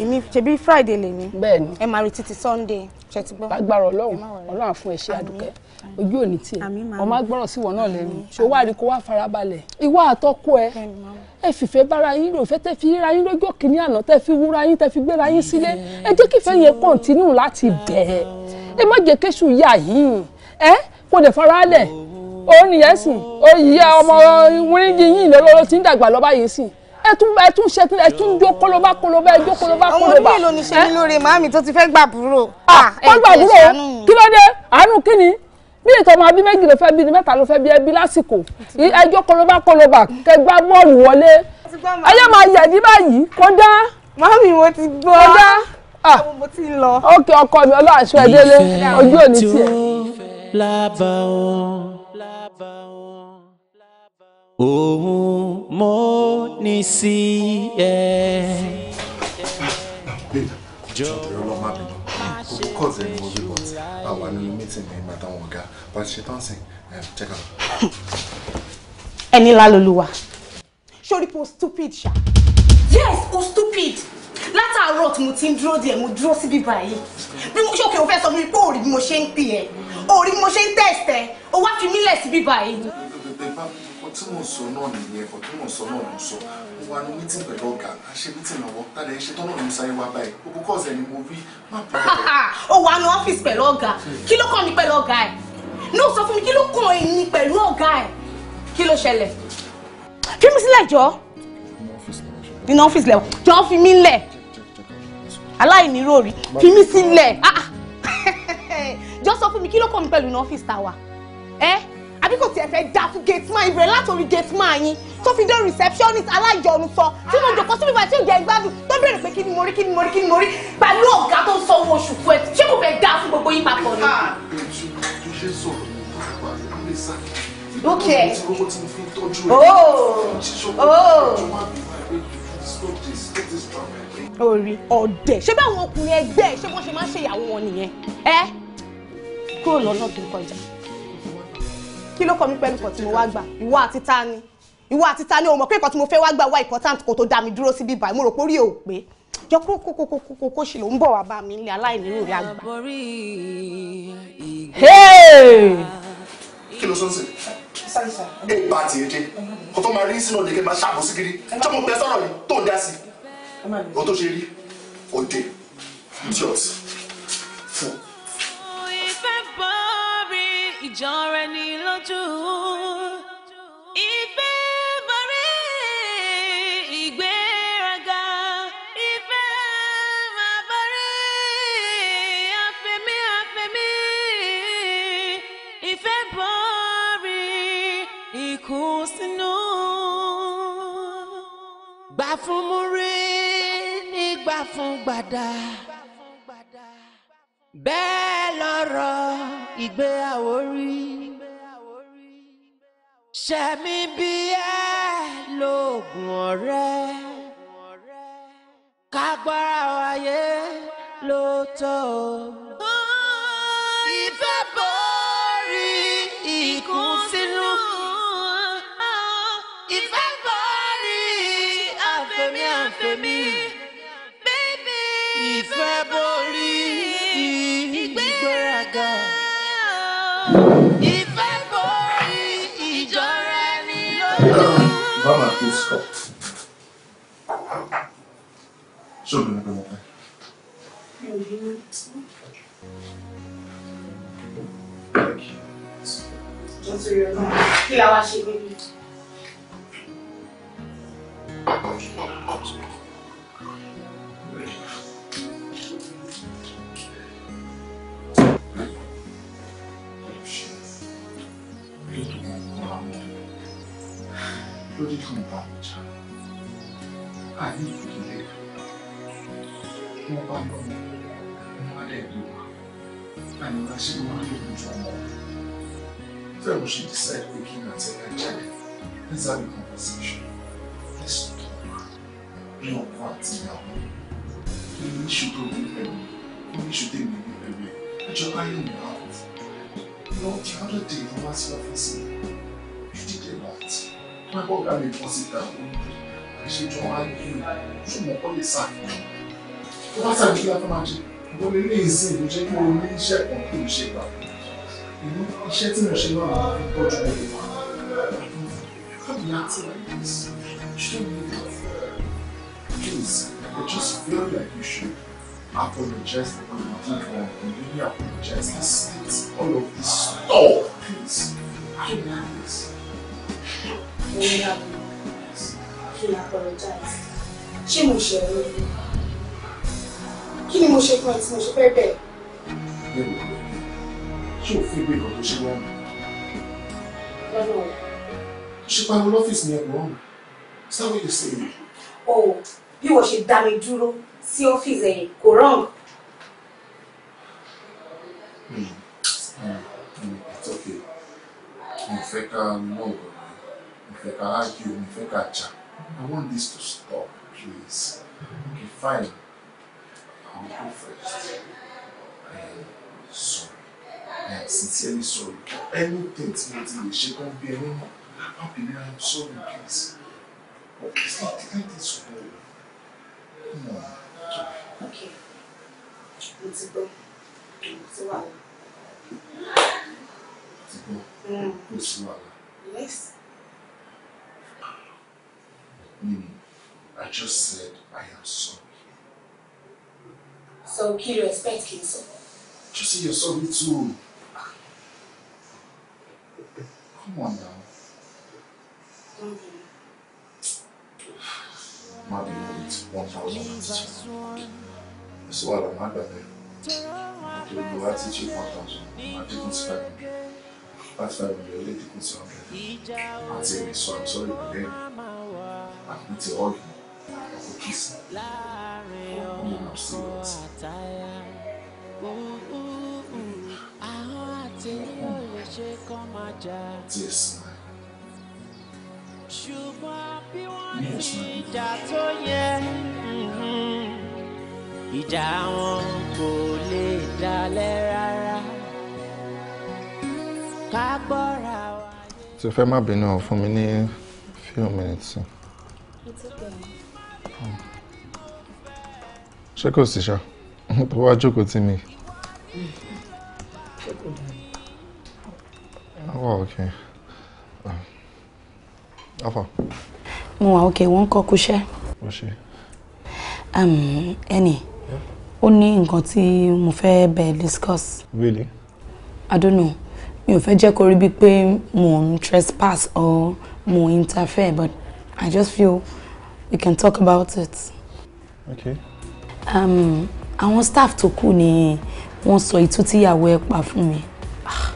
Speaker 6: èmi ṣebí Friday lè ní. Bẹ́ẹ̀ni. Ẹ máa rí títí Sunday ṣe ti gbọ́. Lágbára Ọlọ́run Ọlọ́run àfún ẹ ṣe àdúkẹ́ ojú òní tiẹ̀ ọmọ agbọ́rọ̀ sí wọn náà lẹ́nu ṣé wàá rí kó wá farabalẹ̀ ìwà àtọ́kọ ẹ ẹ fìfẹ́ bára yín lò fẹ́ tẹ́ fi ríra yín lójú òkìní àná tẹ́ fi wúra yín tẹ́ fi gbéra yín sílé ẹ jẹ́ kífẹ́ yẹn kọ́ńtínú láti bẹ̀ẹ́ ẹ má jẹ́ kéṣù yà yín ẹ kò dẹ̀ faralẹ̀ òun nìyẹn sìn oyè ọmọ wíńgì yín lọ́lọ́rọ́ ti ń dàgbà lọ́ba yìí sìn ẹ tún ẹ tún ṣe ẹ tún jó kólóbá kólóbá jó kólóbá kólóbá. ọmọ nílò ní ṣe ní lóore màámi tó ti fẹ́ gbàbúrò. Ah, ah, wọ́n gbàbúrò kí ló dé àánú kí ni bí ìtọ́ ọmọ abí méjì ló fẹ́ bí ni mẹ́ta ló fẹ́ bí ẹbí lásìkò ẹjọ́ kólóbá kólóbá kẹgbá bọ́ọ̀lù wọlé ẹyẹ máa yẹ̀ ní báyìí kó dá. màámi mo ti gbọ́ kó dá. Ah. mo ti lọ. ókè ọkọ mi ọlọ́ àṣọ ẹ̀dẹ́lé ojú òní tiẹ̀. ìfẹ́
Speaker 1: tó lábàá wọn òun mo ní sí ẹ. jọ̀wọ́ ọlọ́mọ àbíjọ kò kọ́ ọ̀sẹ̀ ni mo rí bọ̀
Speaker 2: àwa nínú mítìnì ní ìgbà táwọn ọ̀gá bá ti ṣe tán sí ẹ̀ jẹ́ka. ẹni lálólúwa sórí pé o stupid ṣá. yes o stupid látàárọ̀ tí mo ti ń dúró díẹ̀ mo dúró síbí báyìí bí mo ṣòkè o fẹ́ sọ fún mi pé òòrì bí mo ṣe ń pì ẹ́ òòrì bí mo ṣe ń tẹ̀sẹ̀ o wá fi mí lẹ̀ síbí báyìí
Speaker 3: tí mò ń sọ náà nìyẹn ẹ̀kọ́ tí mò ń sọ náà ló ń sọ mo wà ní mítìn pẹ̀lú ọ̀gá a ṣe mítìn lọ́wọ́ tàdé ṣe tọ́nà ló ń sáré wá báyìí gbogbo kọ́ọ̀sì ẹni mo rí
Speaker 2: má bẹ̀rẹ̀. ó wà ní ọ́fíìsì pẹ̀lú ọ̀gá kí ló kàn mí pẹ̀lú ọ̀gá ẹ̀ ní o sọ fún mi kí ló kàn èyí pẹ̀lú ọ̀gá ẹ̀ kí ló ṣẹlẹ̀. fi mi sílẹ̀ jọ nínú ọ́fíìsì lẹ̀ jọ fi mi lẹ̀ aláìní ròrí fi mi sílẹ̀ jọ sọ fún mi kí ló kàn mí pẹ̀lú ní ọ́fíìsì tàwa ẹ́ àbí kò tiẹ̀ fẹ́ dá fún gate man ìbẹ̀rẹ̀ látòrí gate man yín tó fi dé receptionist aláìjọrun sọ tí mo jòkó síbi bàtí ìjẹ́ ìgbádùn tó bèrè pé kí ni mo rí kí ni mo rí kí ni mo rí pẹ̀lú ọ̀gá tó ń sọ owó oṣù fún ẹ ṣé kò fẹ́ dá fún gbogbo yín papọ̀ ni. Ah, okay. oh oh orí ọ̀dẹ̀ ṣé báwọn ọkùnrin ẹgbẹ́ ṣé wọ́n ṣe máa ń ṣèyàwó wọn nìyẹn ẹ kúrò lọ́nà tó kọjá kí ló kọ́ mi pẹ̀lú nǹkan tí mo wá gbà ìwọ àti ta ni ìwọ àti ta ni o mọ̀ pé nǹkan tí mo fẹ́ wá gbà wá important kò tó dá mi dúró síbí báyìí mo rò pé orí ò pé jọ kó kó kó kó kó kó ṣe ló ń bọ̀ wá bá mi nílé aláìní ní àgbà. kí ló sọ sí ẹ bá tiẹ̀ dé
Speaker 3: kó tó máa rí sínú ọ̀dẹ̀kẹ́ máa ṣàbọ̀ sí kiri tí mo bẹ sọ̀rọ̀ yìí tó ń dá sí i o tó ṣe rí òde
Speaker 5: idiot. ìjọra ẹni lójú. Ìfẹ́ borí ìgbéraga. Ìfẹ́ máa borí àfẹ́mí àfẹ́mí. Ìfẹ́ borí ìkùnsínú.
Speaker 1: Gbà fún múrí nígbà fún gbàdá. Bẹ́ẹ̀ lọ́rọ̀ ìgbéyàwó rí ṣẹ̀mí bí ẹ lóògùn ọ̀rẹ́ kágbára wáyé lóòótọ́
Speaker 3: Varmt budskap. Er så blir det
Speaker 5: bra.
Speaker 2: Kí la wá ṣe níbi?
Speaker 3: 소리 좀 봐보자. 아니, 근데 뭐가 한번 말해도 아니면 지금 하기도 좀 So we should decide quickly and say, Jack, let's have a conversation. Let's talk. You know what now? You should go with everyone. You should take me with everyone. But you're ironing out. You know, the other day, the last officer, pápá ọ̀gá mi bọ́ síta àṣejọ ayé ṣùgbọ́n kọ́ lè ṣàfihàn tó bá ṣàbí kí láfẹ́ máa ṣe mo lè ní ìsìn ìlú jẹ́ kí o ní iṣẹ́ kan kí o ṣe gbà ìlú iṣẹ́ tí mo ṣe náà máa fi tọ́jú ẹ̀rọ wa àbí
Speaker 8: àti ṣé mi ò
Speaker 3: please I just feel like you should apologize for what you did wrong and really apologize and split all of this stuff
Speaker 2: please I don't like this mo ní àbúrò kí n apologize ṣé mo ṣe ẹ̀rọ ìlú
Speaker 8: kí ni mo ṣe fún ẹ tí mo ṣe fẹ́ bẹ̀.
Speaker 4: bẹ́ẹ̀ni
Speaker 3: ṣé òfin ìgbé kan tó ṣe wá mi. lọ́nà o. ṣe pariwo lọ́fíìsì ni ẹ̀gbọ́n mi is that what you say.
Speaker 2: o bí wọ́n ṣe dá mi dúró sí ọ́fíìsì ẹ̀yìn kò rán.
Speaker 3: it's okay mo fẹ́ ká mọ̀ ọ́ fẹ́ ká argue mi fẹ́ ká jà I want this to stop please okay fine I'll go first um, sorry I eh, am sincerely sorry For anything tí mo ti lè ṣe kán bí ẹni mọ̀ how can I am sorry
Speaker 5: please but it's not the kind thing to do come on. Okay. Mo ti gbọ́, mo ti wà lọ.
Speaker 2: Ti gbọ́, mm. kò sí wàhálà.
Speaker 5: Yes.
Speaker 3: Meaning, I just said I am sorry.
Speaker 2: So kí ló expect kí n sọ?
Speaker 3: Just say you're sorry too. Come on now. Don't be. Má bí mo rí one thousand and
Speaker 5: two.
Speaker 3: Èso wà lọ́mọ
Speaker 1: Okay, Ètò ìlú wa ti jí one thousand. Má dínkù sí five hundred. Láti five hundred lè dínkù sí hundred. I'm sorry for them happen to all you of the kiss you know see it yes ṣùgbọ́n bí wọ́n ti jà tó yẹ mhm, ìjà wọn kò lè dalẹ̀ rárá ká gbọ́ra wa.
Speaker 3: tí o fẹ́ má bínú fún mi ní few minutes ṣé kò sí ṣá tó wá jókòó tì mí. Oh, okay. Afa.
Speaker 2: Mo okay. òkè call kọ́ kúṣẹ́. Um, any? Only in ní nǹkan tí mo discuss. Really? I don't know. Mi ò fẹ́ jẹ́ kó moon trespass or moon interfere but I just feel we can talk about it. Okay. Um, àwọn staff tó kù ni wọ́n sọ ìtú tíyàwó ẹ̀ pa fún mi. Ah,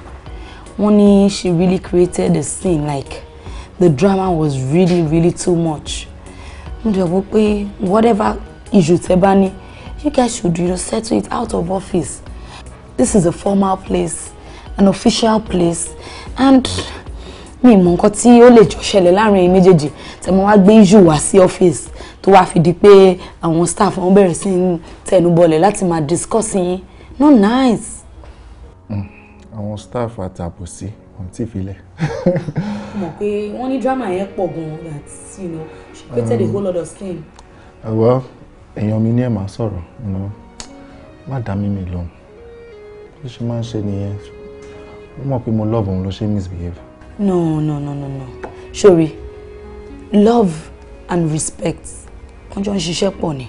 Speaker 2: wọ́n ní she really created a scene like the drama was really really too much. Mo dẹ̀ wọ́n pé whatever issue tẹ́ bá ní you guys should you know, settle it out of office. This is a formal place, an official place and mi mọ nǹkan tí ó lè jọ ṣẹlẹ̀ láàrin ẹ̀yin méjèèjì tẹ mo wá gbé issue wá sí ọ́fíìsì tó wá fi pé àwọn staff wọn bẹ̀rẹ̀ sí ń tẹnu bọlẹ̀ láti máa discuss yín no nice.
Speaker 3: Hmm, àwọn staff àtàbòsí wọn ti filẹ̀.
Speaker 2: mọ̀ pé wọ́n ní drama yẹn pọ̀ gan-an that you know she created a um, whole lot of scene.
Speaker 3: Uh, well èèyàn mi ní ẹ̀ máa sọ̀rọ̀ má dá mímì lóhùn bí ṣe máa ń ṣe nìyẹn ó mọ̀ pé mo love òun ló ṣe misbehave
Speaker 2: no no no no no sorry love and respect wọ́n jọ ń ṣiṣẹ́ pọ̀ ni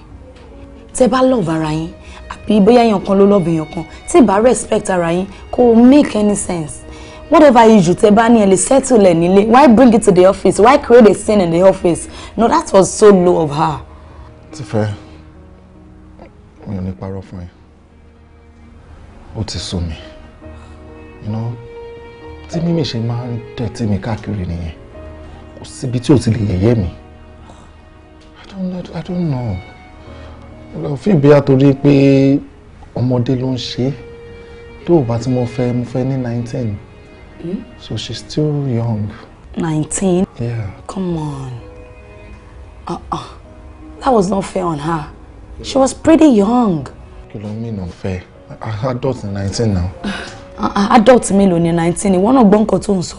Speaker 2: tẹ́ bá love ara yín àbí bóyá èèyàn kan ló love èèyàn kan tẹ́ bá respect ara yín kò make any sense whatever you tẹ́ bá ní ẹ lè settle ẹ why bring it to the office why create a scene in the office no that was so low of her.
Speaker 3: ti fẹ́ mi ò ní parọ́ fún ẹ ó ti sú mi you know tí mímì ṣe máa ń dẹ̀tí mi káàkiri nìyẹn kò síbi tí ò ti lè yẹ̀yẹ́ mi I don't, I don't know òfin ìbíyà torí pé ọmọdé ló ń ṣe é tó o bá tí mo fẹ́ mo fẹ́ ní nineteen hmm? so she's still young.
Speaker 2: nineteen. yeah. come on uh-uh. that was not fair on her she was pretty young.
Speaker 3: kí ló ń mìíràn fẹ́ adult ni nineteen now.
Speaker 2: adult mélòó ni nineteen ìwọ náà gbọ́ nǹkan tó ń sọ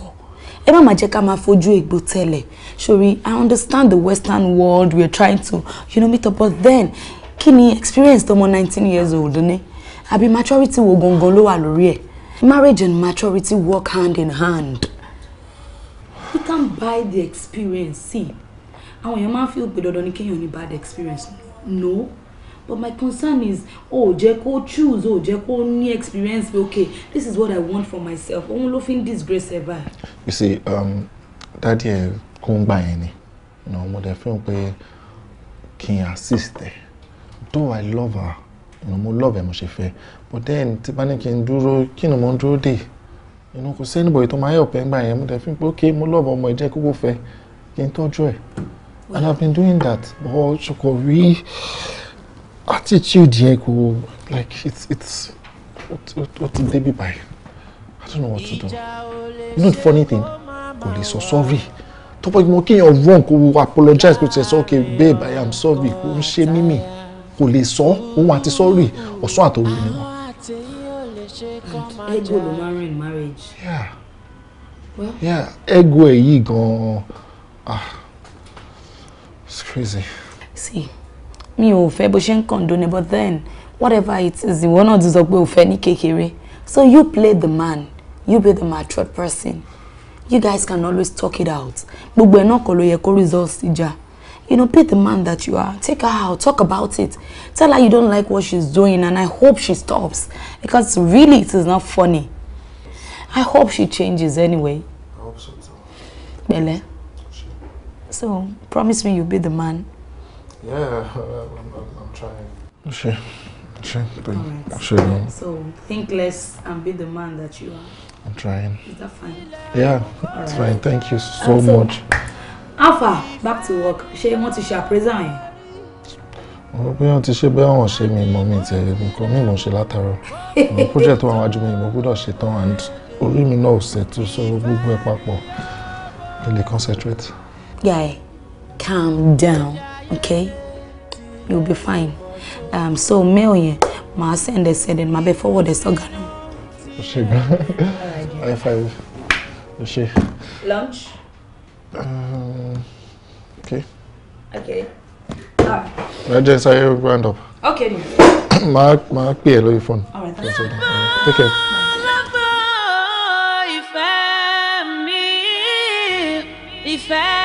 Speaker 2: ẹ má má jẹ́ ká máa fojú ègbò tẹ́lẹ̀ sori i understand the western world we are trying to you know meet up but then kí ni experience tọmọ nineteen years old ni àbí maturity wo gangan ló wà lórí ẹ̀ marriage and maturity work hand in hand you can buy the experience see àwọn èèyàn máa ń fi ògbé dandan ní kéèyàn ní bad experience no but my concern is o oh, jẹ́ kó choose o oh, jẹ́ kó ní experience pé okay this is what i want for myself òun ló fi ń disgrace ẹ̀
Speaker 3: you see um, dadi ẹ kó ń gbà yẹn ni na mo dẹ fẹ́ràn pé kí n assist ẹ though i love her you know, mo love ẹ mo ṣe fẹ́ but then tí bá ní kí n dúró kí ni mo ń dúró dè you know kò sẹ́ni bọ̀ ètò máa help ẹ ń gbà yẹn mo dẹ fẹ́ràn pé okay mo love ọmọ ìjẹ́ kókó fẹ́ kí n tọ́jú ẹ and i have been doing that but ṣùkọ̀ rí. Really, attitude yẹn kò like it's it's What ó ti débi buy? i don't know what to do you know the funny thing kò lè sọ sorry tó bá mọ kéèyàn wrong kò apologize kò tẹ̀ sọ ok babe i am sorry kò ń ṣe mímì kò lè sọ òun àti sorry ọ̀sán àtòru ni wọn.
Speaker 5: ego ló máa
Speaker 2: rìn marriage.
Speaker 5: yeah well.
Speaker 3: yeah ego èyí gan-an ah it's crazy.
Speaker 2: see mi ò fẹ́ bó ṣe ń condone but then whatever it is ìwọ náà ti sọ pé o fẹ́ ní kékeré so you play the man you be the matured person you guys can always talk it out gbogbo ẹ̀ náà kọ́ ló yẹ kó result sí jà you know be the man that you are take her out talk about it tell her you don't like what she's doing and I hope she stops because really it is not funny I hope she changes anyway. I hope so too. Bele. So promise me you'll be the man. Yeah, I'm, I'm, I'm trying.
Speaker 3: Sure. Sure. Right. Sure.
Speaker 2: So think less and be the man that you are. I'm trying.
Speaker 5: Is that fine?
Speaker 2: Yeah, All it's right. fine. Thank you so, so much. Alpha, back to work. She wants to share present.
Speaker 3: yẹn? Mo pé wọ́n ti ṣe bẹ́ẹ̀ wọ́n ṣe mi mọ́ mi tẹ̀ nǹkan mi mò ń ṣe látàárọ̀.
Speaker 5: Àwọn project
Speaker 3: wa wájú mi mo gbọ́dọ̀ ṣe tán and orí mi náà ò ṣètò so gbogbo ẹ̀ papọ̀. I lè concentrate.
Speaker 2: Guy, calm down okay you'll be fine um, so mail yẹn màá send ẹ send ẹ màá bẹ forward ẹ sọgà náà.
Speaker 3: o ṣe gan high five o
Speaker 2: lunch. Um, okay. okay.
Speaker 3: ẹ jẹ́ sáyé round up. okay. Mark, Mark, pè ẹ lórí fóònù. all right thank you. take care.
Speaker 9: Bye.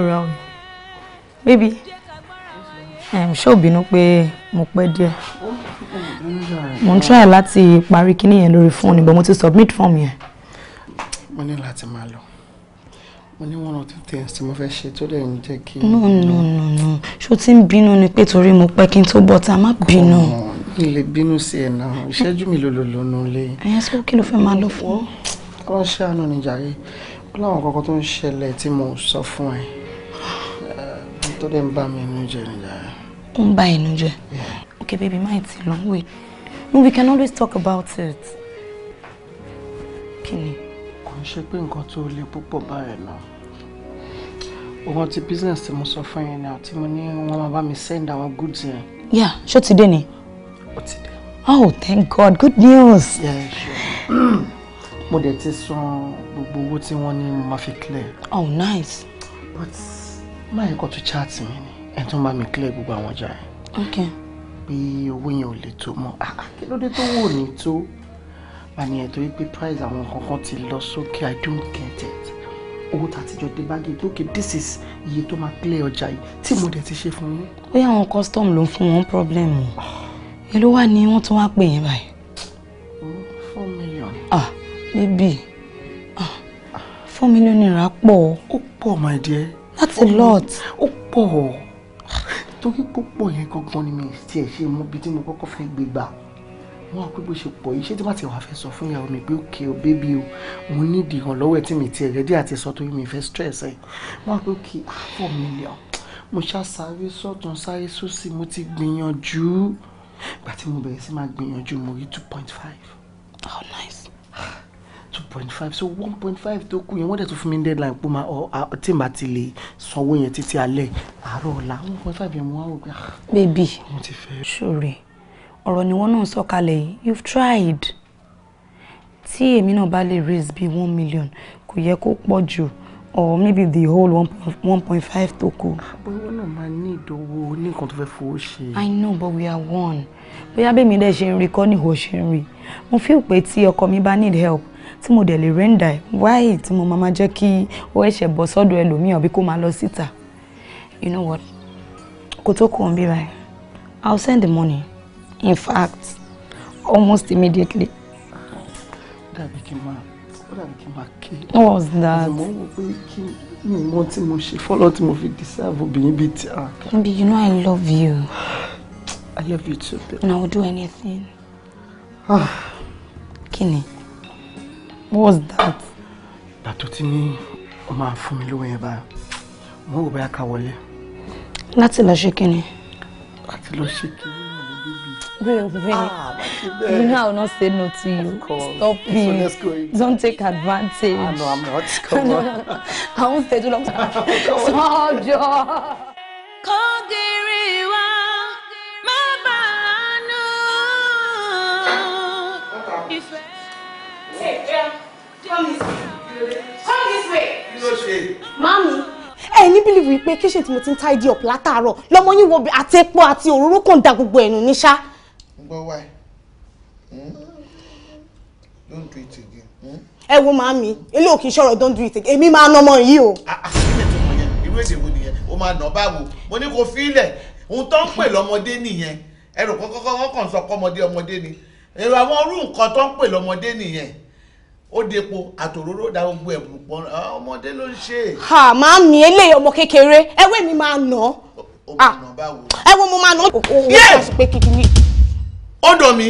Speaker 2: ọ̀rọ̀ ọ̀nà bébí ṣé ò bínú pé mo pẹ́ díẹ̀ mo ń try láti parí kíní yẹn lórí fóònù but mo ti submit form yẹn.
Speaker 4: mo ní láti máa lọ mo ní one or two things tí mo fẹ́ ṣe tó dẹ̀ ń jẹ́ kí. no no
Speaker 2: no no ṣó ti ń bínú ni pé torí mo pẹ́ kí n tó bọ̀ tá a má bínú.
Speaker 4: mi lè bínú sí ẹ̀ náà ìṣẹ́jú mi ló lónú ilé. ẹ̀yẹ́ sọ kí ló fẹ́ máa lọ fún. kọ́ ṣe àánú nìjà yìí ó láwọn kankan tó ń ṣẹlẹ̀ tí mo sọ fún ẹ tó dẹ̀ ń mi inú jẹ́ nìyá.
Speaker 2: ó ń bá inú jẹ́. okay baby má ti long way. no we can always talk about
Speaker 4: it. kí ni. kò ń ṣe pé nǹkan tó le púpọ̀ báyìí náà ti business tí mo sọ fún yín ni àti mo ní wọn máa bá mi send our goods yẹn.
Speaker 2: yeah ṣó today. ni. ó ti dé. oh thank god good
Speaker 4: news. yeah sure. mo dẹ̀ ti san gbogbo owó tí wọ́n ní mo fi clear. oh nice. but máa ẹ̀kọ́ tó chaati mi ni ẹ̀ tó ń bá mi clear gbogbo àwọn ọjà yẹn. ok. bí owó yẹn ò lè tó mọ́ ah, ah, kí ló dé tó wò ní tó bani ẹ̀ torí pé price àwọn kankan ti lọ sókè i don't get it owó tàtijọ́ dé báàgì lókè this is iye tó máa clear ọjà yìí tí mo dẹ̀ ti ṣe fún yín.
Speaker 2: bóyá àwọn custom ló ń fún wọn problem o èló wà ní wọ́n tún wá pè yín báyìí. four million. ah maybe. ah four million naira
Speaker 4: pọ̀. ó pọ̀ my dear
Speaker 2: that's a lot.
Speaker 4: Oh pọ̀ torí púpọ̀ yẹn gangan ni mi ti ẹ̀ ṣe mú bí tí mo kọ́kọ́ fẹ́ gbé Mo wọn pé bó ṣe pọ̀ yìí ṣé tí wọ́n ti wà fẹ́ sọ fún ìyàwó mi pé òkè o bébí o mo ní di ìrànlọ́wọ́ ẹ̀ tí mi ti ẹ̀rẹ́ dí àti sọ torí mi fẹ́ stress ẹ̀ wọn pé òkè four million mo ṣá sáré sọ́tún sáré sósì mo ti gbìyànjú gbà tí mo bẹ̀rẹ̀ sí máa gbìyànjú mo rí two point five. oh nice two point five so one point five tó kù yẹn wọ́n dẹ̀ tún fún mi ní deadline pé máa tí n bá ti lè sanwó yẹn títí alẹ́ àárọ̀ ọ̀la one point five yẹn mo wá wò
Speaker 2: pé.
Speaker 5: Ah,
Speaker 4: baby ṣòre ọ̀rọ̀ ni wọ́n náà sọ kalẹ̀ yìí you've tried
Speaker 2: tí èmi náà bá lè raise bíi one million kò yẹ kó pọ̀ jù or maybe the whole one point five tó kù. àbọ̀
Speaker 5: ah, ìwọ náà máa ní
Speaker 4: ìdánwò oníkan tó fẹ́ fowó ṣe. i know but we are one
Speaker 2: bóyá bẹ́ẹ̀ mi dẹ̀ ṣe ń rí kọ́ ni ìwọ ṣe ń rí mo feel pé tí ọkọ mi bá need help tí mo dẹ̀ lè rẹ́ńdà ẹ̀ wáyé tí mo máa jẹ́ kí ó ẹ̀ṣẹ̀ bọ́ sọ́dọ̀ ẹlòmíràn bí kò máa lọ síta you know what kò tó kù ń bí báyìí I'll send the money in fact almost immediately.
Speaker 4: dàbí kí n máa dàbí kí n máa ké. what was that. mo wò pé kí mi mọ tí mo ṣe fọlọ tí mo fi deserve obìnrin bíi ti àká. baby you know I love you. I love you too babe.
Speaker 2: and I will do anything. Ah. kí ni what's that.
Speaker 4: dàtò tí ní o máa fún mi lówó yẹn bá mo rò bóyá ká wọlé.
Speaker 2: láti lọ ṣe kínni. láti lọ ṣe Ah, you know I will not say no to you. Stop it. So Don't take advantage. Ah, no, I'm not. Come on. I won't stay too long. Small
Speaker 5: Kọ́ngìrì come this way come this way. kí
Speaker 8: ló ṣe.
Speaker 2: mami ẹ ní bílíìfù yìí pé kíṣìn tí mo ti ń tidy up látàárọ̀ lọ́mọ yín wo àti epo àti òróró kàn da gbogbo ẹ̀nu ní ṣá.
Speaker 7: gbọ́ wá ẹ̀ hmm? don't do it again. Hmm?
Speaker 2: ẹ wo màámi ilé òkè ìṣòro don't do it again èmi máa nọmọ yìí o. Ah, ah,
Speaker 7: irú èsì wo nìyẹn o máa nà báwo mo ní kó fílẹ̀ ohun tó ń pè lọ́mọdé nìyẹn ẹrù kọ́kọ́ kọ́kọ́ kàn sọ pé ọmọdé ọmọdé ni èrò àwọn orú nǹkan tó ń pè lọ́mọdé nìyẹn ó depo àtòróró da gbogbo ẹ̀bùn pọ̀ ah, ọmọdé ló ń ṣe. ha
Speaker 2: máa mi eléyìí ọmọ kékeré ẹwẹ́ mi máa nà ọ́. ó máa ah, nà báwo. ẹ mo máa nà ọ́ owó ṣáṣì pé kíkiri. ó dọ̀ mí.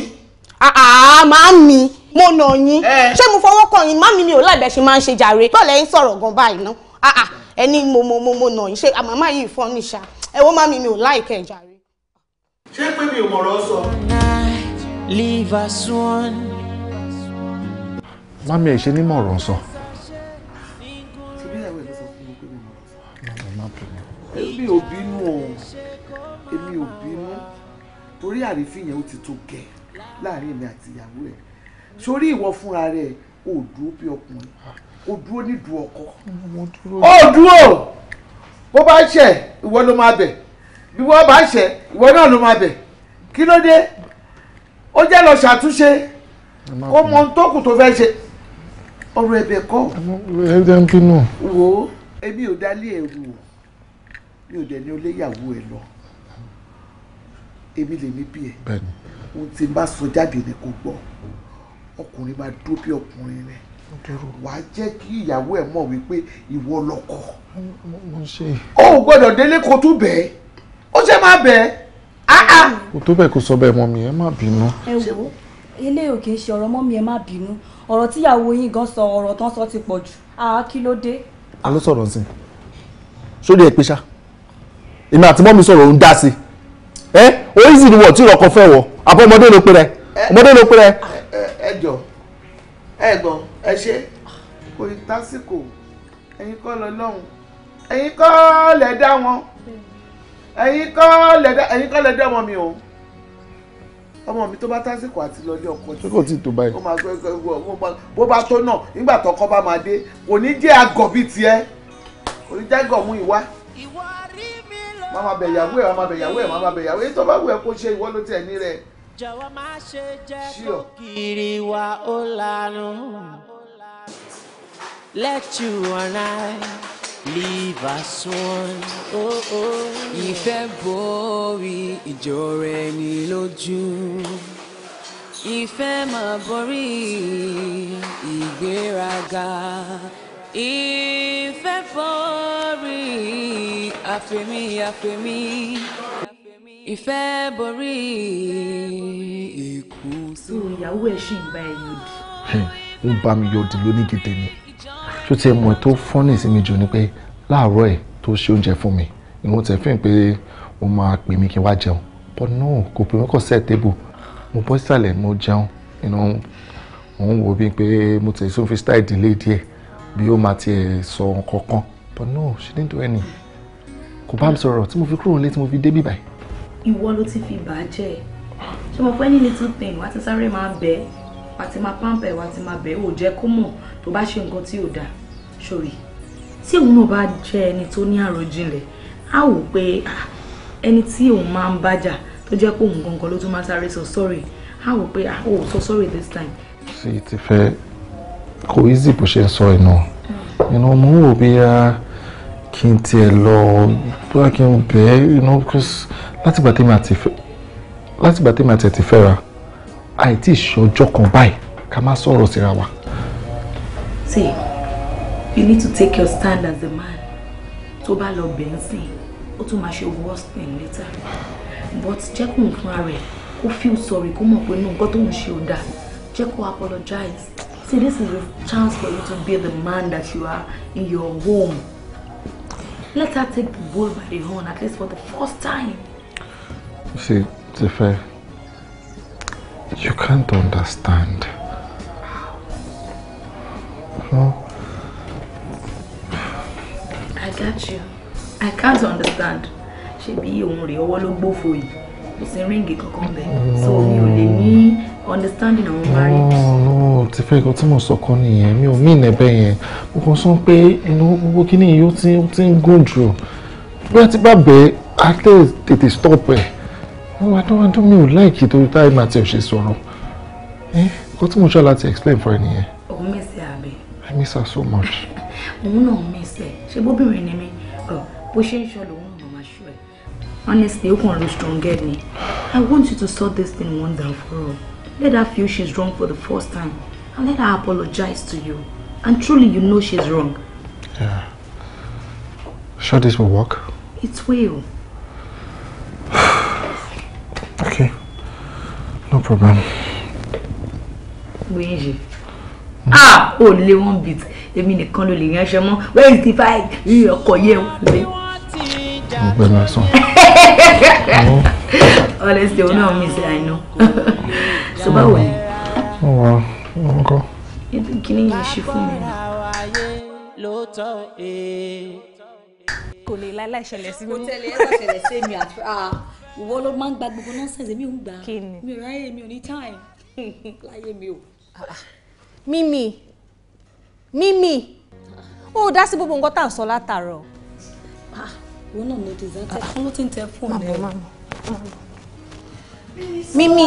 Speaker 2: àà ah, máa mi mo nà yín ṣé mo fọwọ́ kàn yín máa mi mi ò láìbẹ̀ ṣe máa ń ṣe jàre bọ́ọ̀lù ẹ̀yin sọ̀rọ̀ gan báyìí náà ẹni mo mo mo mo nà yín ṣé àmàmá yìí fọ́ níṣà ẹ wo máa mi mi ò láìkẹ́ jàre.
Speaker 1: ṣé pé mi ò mọ̀rọ̀ sọ
Speaker 3: mami ẹ̀ ṣe ní mọ̀rọ̀ sọ.
Speaker 7: èmi ò bínú o èmi ò bínú torí àrífín yẹn ó ti tó gẹ láàrin èmi àti ìyàwó ẹ sórí ìwọ fúnra rẹ O dúró bí ọkùnrin O dúró nídùú ọkọ o dúró bó bá ṣẹ ìwọ ló máa bẹ bí wọ́n bá ṣẹ ìwọ náà ló máa bẹ kí ló dé ó jẹ́ lọ ṣàtúnṣe kó mọ ohun tó kù tó fẹ́ ṣe ọ̀rọ̀ ẹ̀bẹ̀ kọ́.
Speaker 3: ẹ jẹ́ ń bínú.
Speaker 7: wo èmi ò dálé ẹ̀rù o mi ò dẹ̀ ní oléyàwó ẹ lọ èmi lèmi bí ẹ ohun tí n bá sọ jáde ni kò gbọ́ ọkùnrin máa dúró bí ọkùnrin rẹ wàá jẹ́ kí ìyàwó ẹ̀ mọ̀ wípé ìwọ lọ́kọ. ó gbọ́dọ̀ délé kó tún bẹ́ẹ̀ ó ṣe máa bẹ́ẹ̀. Ah, ah.
Speaker 3: kò tó bẹ́ẹ̀ kó sọ bẹ́ẹ̀ mọ́ mi ẹ má bínú.
Speaker 7: ẹ wò ó ilé ò kì í ṣe
Speaker 2: ọ̀rọ̀ mọ́ mi ẹ má bínú ọ̀rọ̀ tíyàwó yín gan sọ ọ̀rọ̀ tán sọ ti pọ̀ jù àá kí ló dé.
Speaker 3: a ló sọ̀rọ̀ nsìn sóde ẹ̀ pẹ́ṣá èmi àti mọ́mi sọ̀rọ̀ ń dá sí i ẹ oríṣi ni wọ̀ tí ìrọ̀kọ̀ fẹ́ wọ̀ àbọ̀ ọmọdé ló pẹ́rẹ́ ọmọdé ló pẹ́rẹ́.
Speaker 7: ẹ jọ ẹ gbọ́ ẹ ṣe kò ní tásìkò ẹ̀yin kọ́ lọ lọ́hùn ẹ̀yin kọ́ lẹ dá wọn ẹ̀yin kọ́ lẹ dá ẹ̀yin kọ́ lẹ dá mi o ọmọ mi tó bá tásìkò àti lọlé ọkọ tí kò tí tó báyìí ó máa gbẹ gbẹ gbọ bó bá tó náà nígbà tọkọ bá máa dé kò ní jẹ́ àgọ̀ bíi tiẹ̀ kò ní jẹ́ mú ìwá máa máa bẹ̀ yàwó ẹ̀ máa máa bẹ̀ yàwó ẹ̀ máa máa bẹ̀ yàwó ẹ̀ tó bá wù ẹ́ kó ṣe ìwọ ló tẹ̀ ní rẹ̀. jọ̀wọ́ má
Speaker 1: ṣe jẹ́ kó kiri wa ó lanu let you and I. Leave us one. Oh, oh. Ìfẹ́ borí
Speaker 9: ìjọra ẹni lójú. Ìfẹ́ máa borí ìgbéraga. Ìfẹ́ borí Afemi, àfẹ́mí. Ìfẹ́ borí ìkú. Ìyàwó ẹ̀ ṣì ń bá ẹ yọdì.
Speaker 3: Ó bá mi yọdì lónìí kìtẹ́ tó tiẹ̀ mọ̀ tó fọ́nì sí mi jù ni pé láàárọ̀ ẹ̀ tó ṣe oúnjẹ fún mi ìwọ tẹ̀ fíìn pé mo máa pè mí kí n wá jẹun but no kò pè mí kò sẹ́ẹ̀ tébù mo bọ́ sísàlẹ̀ mo jẹun mo ń wo bíi pé mo tẹ̀ sóun fi style ìdílé díẹ̀ bí ó máa tiẹ̀ sọ nǹkan but no she didn't do any kò bá mi sọ̀rọ̀ tí mo fi kúrò nílé tí mo fi dé bíbáyìí.
Speaker 2: ìwọ ló ti fi bà á jẹ́ ṣé mo fẹ́ ní little thing wá ti sáré máa bẹ́ẹ̀ wá ti máa pàǹpẹ̀ wá ti máa bẹ́ẹ̀ ò jẹ́ kó mọ̀ tó bá ṣe nǹkan tí ò dáa sórí tí òun náà bá jẹ́ ẹni tó ní àròjinlẹ̀ á wò pé ẹni tí òun máa ń bájà tó jẹ́ pé òun gangan ló tún máa sáré sọ sorry á wò pé ó sọ sorry this time.
Speaker 3: sì ti fẹ́ kò easy bó ṣe sọ ẹ̀ náà ìnà mo ń wò bí a kí n tiẹ̀ lọ bóyá kí n bẹ́ẹ̀ ìnà látìgbà tí màá ti fẹ́ látìgbà tí màá ti fẹ́ ra àìtí ìṣọjọ́ kan báyìí ká má sọ̀rọ̀ síra wa.
Speaker 2: See, you need to take your stand as a man tó bá lọ bẹ̀ ń sìn ó tún máa ṣe worst thing later but jẹ́ kó n fúnra rẹ̀ feel sorry kó mọ̀ pé no. nǹkan tó ń ṣe ò dáa jẹ́ apologize see this is a chance for you to be the man that you are in your home let her take the bull by the horn at least for the first time.
Speaker 3: see Tefe you can't understand. No.
Speaker 2: I got you. I can't understand. Ṣebí ohun rẹ̀ ọwọ́ ló gbófo yìí. Kò sí ríǹgì kankan bẹ́ẹ̀. So you ò me understanding our marriage.
Speaker 3: No no ti fẹ́ kan tí mo sọ kan nìyẹn mi ò mí ìnẹ̀bẹ̀ yẹn. Mo kàn sọ pé inú gbogbo kíní yìí ó ti ń gùn jù. Bóyá ti bá bẹ̀ẹ́ á tètè stop ẹ̀. Wọ́n wá dán wá dán mi ò láìkì torí táyì máa ti ò ṣe sọ̀rọ̀. Ẹ́ eh, kó tí mo ṣọ́ láti explain fún ẹ nìyẹn miss her so much.
Speaker 2: òun náà miss ẹ ṣe bóbìnrin ni mi bó ṣe ń ṣọlọ òun náà máa ṣọ ẹ honestly ó kàn ló stronger, head ni i want you to sort this thing one down for all let her feel she's wrong for the first time and let her apologize to you and truly you know she's wrong.
Speaker 3: Yeah. Sure this will work?
Speaker 2: It will. okay. No problem. Luigi ah ó lé one bit èmi nìkan ló lè yan ẹsẹ mọ wẹ́ẹ̀rì ti fà yí ọkọ̀ yẹ wọlé.
Speaker 3: mo gbẹ lásán.
Speaker 2: honestly òun náà mi I know. so báwo ni. ọwọ ọwọ kọ. ètò kìíní yìí ṣe fún mi. kò lè láláì ṣẹlẹ̀ sí mi. kò tẹ̀lé ẹ̀ ṣẹlẹ̀ sí mi àti ìwọ ló máa ń gba gbogbo nọ́ọ̀sẹ̀sì mi ò ń gbà á mi ò ráyè mi ò ní time láyé mi ò mímì mímì ó dá sí gbogbo nǹkan tá à ń sọ látàárọ̀. Ah, òun náà ló design tẹ fún ló ti ń tẹ fóònù ẹ. mímì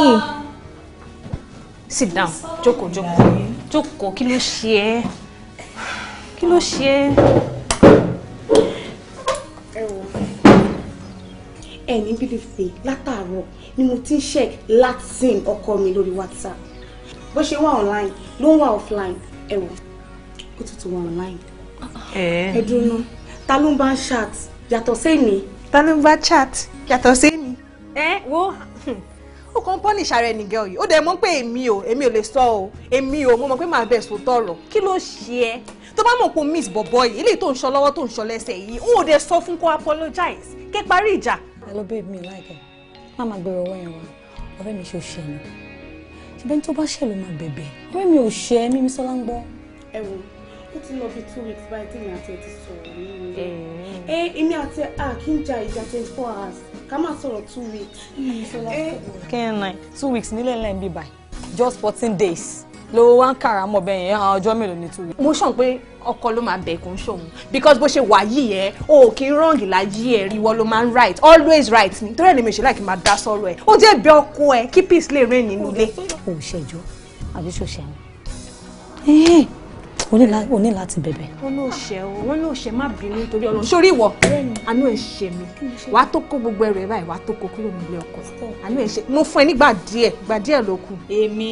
Speaker 2: sit down jókòó jókòó jókòó kí ló ṣe é kí ló ṣe é. ẹ wò ẹ ní bílífì látàárọ̀ ni mo ti ń ṣe Latin ọkọ mi lórí WhatsApp bó ṣe wà online ló ń wà offline ẹ wò ó tún ti wà online.
Speaker 5: ẹ dùnú
Speaker 2: ta ló ń bá chat yàtọ̀ sẹ́ni. ta ló ń bá chat yàtọ̀ sẹ́ni. ẹ wo hmm, ó kàn pọ́nìṣ ara ẹni gẹ́ òyìn ó dẹ̀ mọ̀ pé èmi ò èmi ò lè sọ ọ́ èmi ò mo mọ̀ pé màá bẹ̀ sọ tọ̀rọ̀ kí ló ṣe ẹ́ tó bá mọ̀ pé miss bọ̀bọ̀ yìí eléyìí tó ń sọ lọ́wọ́ tó ń sọ lẹ́sẹ̀ yìí ó dẹ̀ sọ fún kó apologize ké parí ìjà. hello babe mi like it má máa gbèrò owó yẹn wá ọ̀rẹ́ mi ṣe ò ṣe ni bẹ́ẹ̀ tó bá ṣẹ̀ ló máa bẹ̀bẹ̀ ọ̀rẹ́ mi ò ṣe é mímí sọ́lá ń gbọ́. ẹ wo ó ti lọ bí two weeks báyìí tí èmi àti ẹ ti sọ̀rọ̀ nínú ilé ẹ èmi àti ẹ à kí n ja ìjà twenty four hours ká má sọ̀rọ̀ two weeks. kí n two weeks nílẹ̀ lẹ́yìn bíbá just fourteen days ló wá ń kàrà mọ̀ bẹ́ẹ̀ yẹn àwọn ọjọ́ mélòó nítorí. mo sọ pé ọkọ ló máa bẹ̀ kó ń ṣòun because bó ṣe wà yìí ẹ o kì í rọ́ǹgì láyé ẹ rí wọ́n ló máa ń right always right ni torí ẹ̀ lè mi ṣe láì kí n máa dá sọ́rọ̀ ẹ̀ ó jẹ́ bẹ ọkọ ẹ kí peace lè reign nínú ilé. o ò àbí ṣòṣẹ o ní láti bẹ̀bẹ̀. wọn náà ṣe o wọn náà ṣe má bínú nítorí Ọlọ́run sórí ìwọ àánú ẹ ṣe mi wà á tó kó gbogbo ẹrù ẹ báyìí wà á tó kó kúrò nílé ọkọ àánú ẹ ṣe mo fún ẹ nígbà díẹ̀ gbà díẹ̀ ló kù. èmi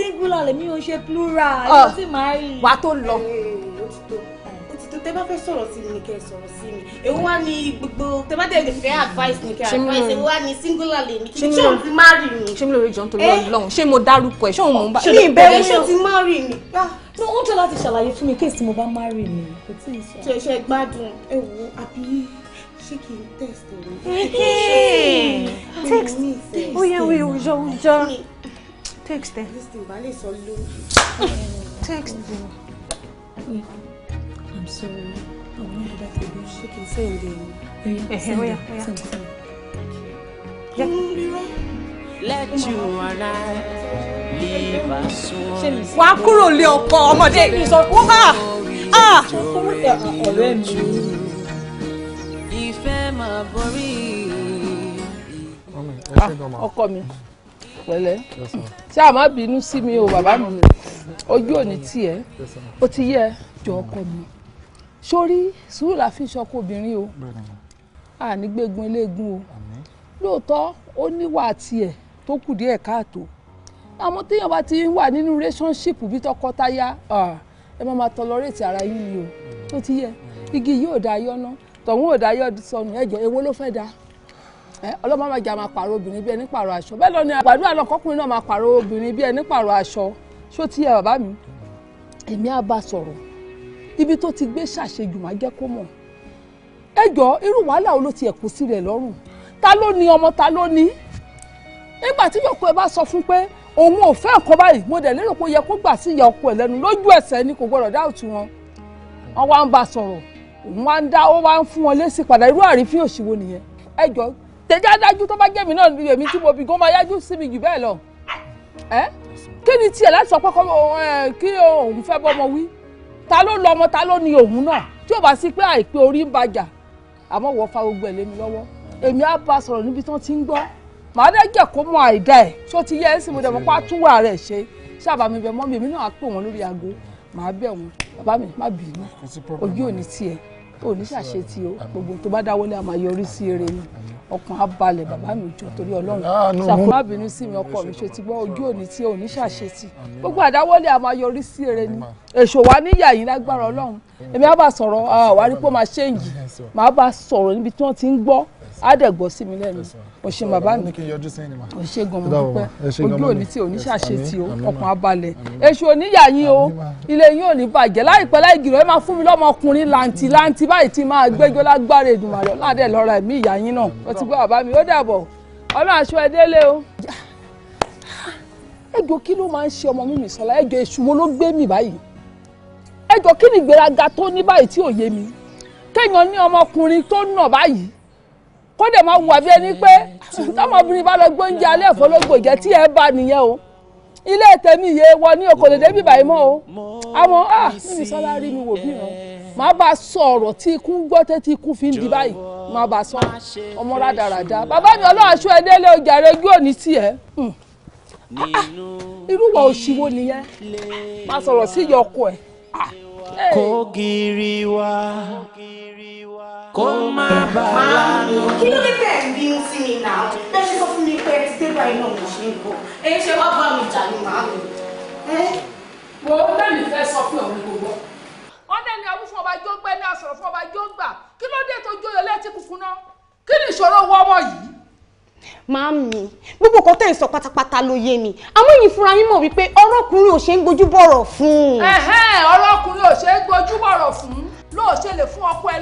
Speaker 2: singular lèmi ò ṣe plural ẹ ló sì máa rí wà á tó lọ tẹ bá fẹ́ sọ̀rọ̀ sí mi ni kẹ́ ẹ sọ̀rọ̀ sí mi èwo wá ní gbogbo tẹ bá tẹ fẹ́ advice ni kẹ́ advice èwo wá ní singular lè mi kí ṣé òun ti marry mi. ṣé mi lórí ìjọ nítorí eh? Ọlọ́run ṣé mo dárúkọ ẹ ṣé òun mò ń bá. ṣé ìbẹ̀rù eh, ṣé ti marry mi. ní wọ́n jọ láti ṣàlàyé fún mi kéèsì tí mo bá marry mi kò tí ì sọ. ṣe ṣe gbádùn ẹ wo àbí ṣé kì í test mi. text ó yẹ wí ìwùjọ ìwùjọ text ẹ. text ẹ.
Speaker 8: sorry. I
Speaker 2: wanted that to be shaking. Send it.
Speaker 5: Send it.
Speaker 1: Let you and I leave us one. ọkọ ọmọdé yìí sọ fún wa. Ah! Ah! Ah,
Speaker 6: ọkọ mi pẹ̀lẹ́ ṣé àmọ́ bínú sí mi o bàbá mi ojú òní tiẹ̀ ó ti yẹ jọ ọkọ mi sórí sùúrù la fi ń sọkọ obìnrin o a ní gbégun eléegun o lóòótọ́ ó níwà tiẹ̀ tó kù díẹ̀ káàtó àmọ́ téèyàn bá ti wà nínú relationship bí tọkọtaya ẹ máa máa tolerate ara yín ni o tó ti yẹ igi yìí ò dá yọ́nà tọ̀hún ò dá yọ́ sọnù ẹ̀jọ̀ èwo ló fẹ́ dáa ọlọ́mọ máa jà máa pààrọ̀ obìnrin bí ẹni pààrọ̀ aṣọ bẹ́ẹ̀ lọ ni àgbàdúrà náà kọ́kùnrin náà máa pààrọ̀ obìnrin bí ẹni pààrọ̀ aṣọ ṣó ti yẹ bàbá mi èmi á bá sọ̀rọ̀ ibi tó ti gbé ṣàṣejù má jẹ́ kó mọ̀ ẹ jọ irú wàhálà wo ló ti ẹ̀kú sí rẹ̀ lọ́rùn ta ló ní ọmọ ta ló ní nígbà tí yòókù ẹ bá sọ fún pé òun ò fẹ́ ẹ̀kọ́ báyìí mo dẹ̀ lérò pé ó yẹ kó gbà sí ìyá ọkọ ẹ̀ lẹ́nu lójú ẹsẹ̀ ni kò gbọ́dọ̀ dáùtù wọn wọn wá ń bá sọ̀rọ̀ òun wá ń dá ó wá ń fún wọn lésì padà irú àrífín òṣìwò nìyẹn ẹ jọ tẹjá dájú tó bá jẹ́ mi náà èmi tí mo bì gan máa yájú sí mi jù bẹ́ẹ̀ lọ ẹ kí ni tiẹ̀ láti sọ pé kí òun fẹ́ bọ́ ọmọ wí ta ló lọ ọmọ ta ló ní òun náà tí ò bá sí pé àìpé orí ń bàjà àmọ́ wọ́n fa gbogbo ẹ̀ lé mi lọ́wọ́ èmi á bá sọ̀rọ̀ níbi tí wọ́n ti ń gbọ́ màá dẹ́ jẹ́ kó mọ àìdá ẹ̀ tí ó ti yẹ ẹ́ sì mo dẹ̀ mọ́ pá túwà rẹ̀ ṣe ṣàbàmì bẹ̀ mọ́mí èmi náà á pè wọ́n lórí aago màá bẹ̀ wọ́n bàbá mi má bínú ojú òní tiẹ̀ òní ṣàṣetì o gbogbo tó bá dáwọ́lé a máa yọrí sí eré ni ọkàn á balẹ̀ bàbá mi jọ torí ọlọ́run ṣàkóso àbínú sí mi ọkọ mi ṣe ti gbọ́ ojú òní tí òní ṣàṣetì gbogbo àdáwọ́lé àmọ́ yọrí sí eré ni èṣò wa níyà yín lágbára ọlọ́run èmi á bá sọ̀rọ̀ àwárí pé ó máa ṣéǹjì máa bá sọ̀rọ̀ níbi tí wọ́n ti ń gbọ́ á dẹ̀ gbọ́ sí mi lẹ́nu o ṣe bàbá mi o ṣe gan mo dúpẹ́ ojú òní tí òní ṣàṣe tí o ọkàn abalẹ̀ èṣù oníyà yín o ilé yín ò ní bàjẹ́ láìpẹ́ láì gírọ̀ ẹ máa fún mi lọ́mọkùnrin làǹtì làǹtì báyìí tí máa gbẹ́jọ́ lágbára Èdùmàrè ládẹ́ lọ́ra ẹ̀mí ìyá yín náà o ti gbọ́ bàbá mi ó dàbọ̀ ọlọ́ aṣọ ẹ délé o ẹjọ kí ló máa ń ṣe ọmọ mi mi sọlá ẹjọ èṣù wo ló gbé mi báyìí ẹjọ kí ni ìgbéraga tó ní báyìí tí ò yé mi kéèyàn ní ọmọkùnrin kó dẹ̀ máa wà bí ẹni pé tọmọbìnrin bá lọ gbóúnjẹ alẹ́ ìfọlọ́gbò ìjẹ́ tí ẹ bá nìyẹn o ilé tèmi yé wọ ní okòlè débi báyìí mọ́ o àwọn a ah, níbi sọlá mi wò bí wọn máa bá sọ ọ̀rọ̀ tí ikú gbọ́ tẹ́tí ikú fi ń di báyìí máa bá sọ ọmọ rádaràda bàbá mi ọlọ́run aṣọ ẹdẹ́lẹ́ ọjà rẹ gbé òní tiẹ̀ hmm. irúwọ̀ òṣìwò nìyẹn máa sọ̀rọ̀ sí ìyọkọ ẹ̀. Ah, kò gírí wá
Speaker 1: kó má bà wá lò. kí ló dé bẹ́ẹ̀
Speaker 6: ń bínú sí mi náà
Speaker 2: bẹ́ẹ̀ ṣe sọ fún mi pé ẹ ti dé báyìí náà mo ṣe ń bọ̀ ẹ ṣe wá bá mi jà ní
Speaker 6: gbogbo. wọ́n dẹ́ni ọdún fún ọba jó ni ìṣòro wọ́ ọmọ yìí
Speaker 2: màámi gbogbo nǹkan tẹ́ ń sọ pátápátá ló yé mi àmọ́ yìí fúnra yín mọ̀ wípé ọlọ́kùnrin ò ṣe ń gbójú bọ̀rọ̀ fún un. ọlọ́kùnrin
Speaker 6: ò ṣe ń gbójú bọ̀rọ̀ Lo ló ṣe lè fún ọkọ ẹ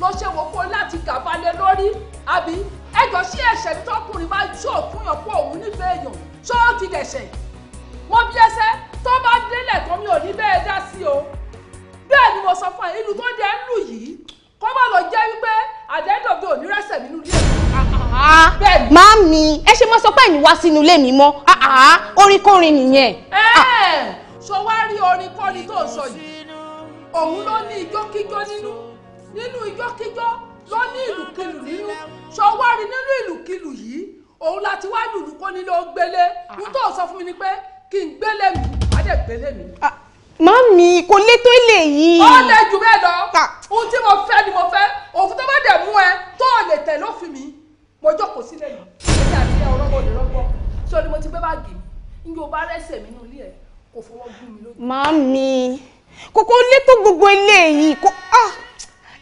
Speaker 6: ló ṣe wò kó láti gàbalẹ̀ lórí àbí ẹjọ́ sí ẹ̀ṣẹ̀ ní tọkùnrin máa ń ṣó fún yàn pé òun nífẹ̀ẹ́ èèyàn ṣó ti dẹ̀ṣẹ̀ mo bí ẹsẹ̀ tó bá délẹ̀ tán mi ò ní bẹ́ẹ̀ dá sí o bẹ́ẹ̀ ni mo sọ fún ẹ ìlú tó dẹ ń lù yìí kó má lọ jẹ́ wípé àdẹ́dọ̀dọ̀ ò ní rẹ́sẹ̀ mi nílé ẹ̀.
Speaker 2: Màámi ẹ ṣe máa sọ pé ẹ̀yin wá sínú ilé mi mọ́ ah, ah, orin kọrin nìyẹn.
Speaker 6: Ah. ṣọwárí orin kọrin tó sọ yìí òun ló ní ijókíjó nínú nínú ìjọ́kíjọ́ lọ ní ìlúkìlù nínú ṣọwọ́rí nínú ìlúkìlù yìí òun láti wá lùlù kó nílé ó gbélé ah. tó sọ fún mi ni pé kí n gbélé mi má gbélé mi. Ah,
Speaker 2: mami kò lè tó ilé yìí. ó lè
Speaker 6: jù bẹ́ẹ̀ lọ ah. ohun tí mo fẹ́ ni mo fẹ́ òfin tó bá dẹ̀ mú ẹ tó o lè tẹ̀ lófin mi mo jókòó sílẹ̀ yìí èmi àti ẹ lè rọ́gbọ́ ṣé ni mo ti gbé báàgì mi njẹ́ rẹ́sẹ̀ mi nínú ilé kò fọwọ́
Speaker 2: gún mi lójú. mami kòkó lè tó gbogbo ilé kò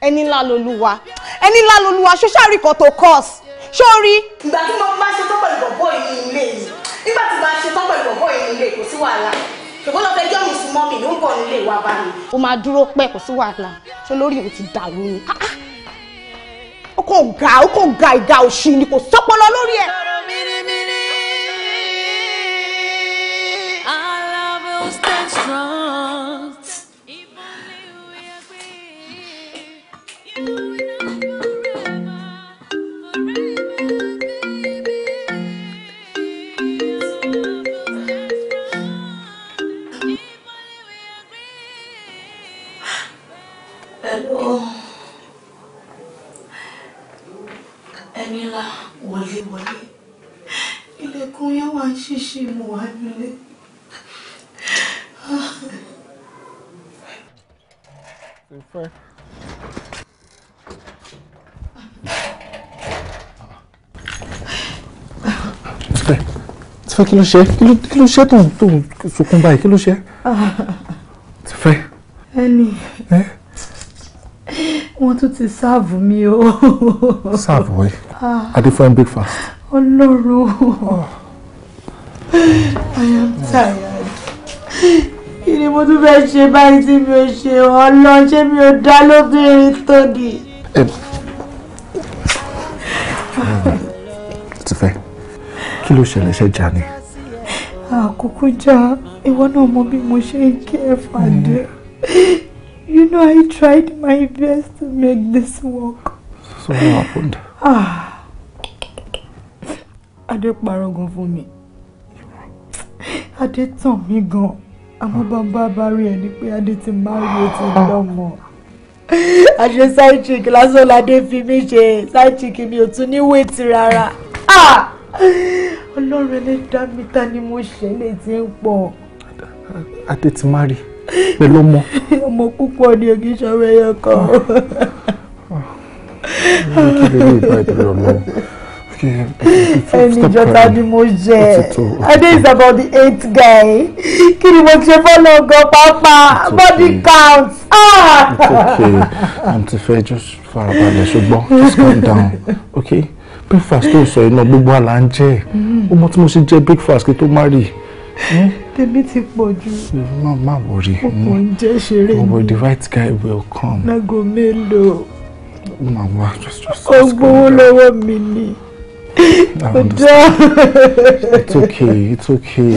Speaker 2: ẹni ńlá lolúwa ẹni ńlá lolúwa ṣó ṣàrí kan tó cause ṣó rí. ìgbà tí mo máa ṣe tán pẹ̀lú bọ̀bọ̀ yìí nílé yìí nígbà tí mo máa ṣe tán pẹ̀lú bọ̀bọ̀ yìí nílé kò sí wàhálà ṣùgbọ́n lọ́ọ́ fẹjọ́ mi sùn mọ́ mi ló ń bọ̀ nílé wa bá mi. ó máa dúró pẹ́ kò sí wàhálà ṣó lórí òun ti dàrú ni ah, ah. ó kò ga ó kò ga ìga òṣì ni kò sọ́pọ́lọ́ lórí
Speaker 5: ẹ̀.
Speaker 8: wọlé wọlé ilẹ̀kùn yẹn wà ń ṣíṣe mo wà nílé.
Speaker 4: ìfẹ́.
Speaker 3: Tífẹ́ kí ló ṣe kí ló ṣe tó ń tó ń sunkún báyìí kí ló ṣe. Tífẹ́.
Speaker 8: Ẹni wọ́n tún ti sáàbù mi o. Sáàbù wẹ̀ a
Speaker 3: ah. different breakfast.
Speaker 8: ọlọ́run ah. I am tired kí ni mo tún fẹ́ ṣe báyìí tí mi ò ṣe ọlọ́run ṣé mi ò dá lóbìnrin tó ni.
Speaker 4: ti fẹ́ kí ló ṣẹlẹ̀ ṣe jà ni.
Speaker 8: àkókò jà ìwọ náà mọ bí mo ṣe ń kí ẹ fàdé. You know, I tried my best to make this work.
Speaker 3: So what happened?
Speaker 8: Ah adé parọ́ gan fún mi adé tàn mí gan àmọ́ bàbá bá rí ẹ ní pé adé ti máa rí etí lọ́mọ àṣẹ side chick lásán ládé fi mí ṣe side chick mi ò tún ní wéètì rárá ah! ọlọ́run ẹlẹ́dàá mi ta ni mo ṣe lè ti ń pọ̀.
Speaker 3: adé ti máa rí pẹ̀lú ọmọ.
Speaker 8: ọmọ púpọ̀ ni ògì ṣọwọ́ ẹyọ kan. Ah.
Speaker 5: kí ló lè gba ìtọ́jú ọlọ́run
Speaker 8: ẹni
Speaker 5: ìjọta ni mo jẹ
Speaker 8: adé is about the eighth guy kí ni mo
Speaker 6: ṣe fọ́lọ́ gan pápá body count. àǹtí
Speaker 3: ah! fẹ́ just farabalẹ̀ ṣùgbọ́n just calm down okay breakfast tó sọ iná gbogbo àlà ń jẹ ó mm-hmm. mọ tí mo ṣe jẹ breakfast kí tó má rí.
Speaker 8: Eh? tèmi ti pọ̀ jù. má má wọrí. o ṣeré mi.
Speaker 3: the right guy will come.
Speaker 8: lágo mélòó.
Speaker 3: ó máa just
Speaker 8: just. lọ́wọ́ mi ni it's
Speaker 3: okay it's okay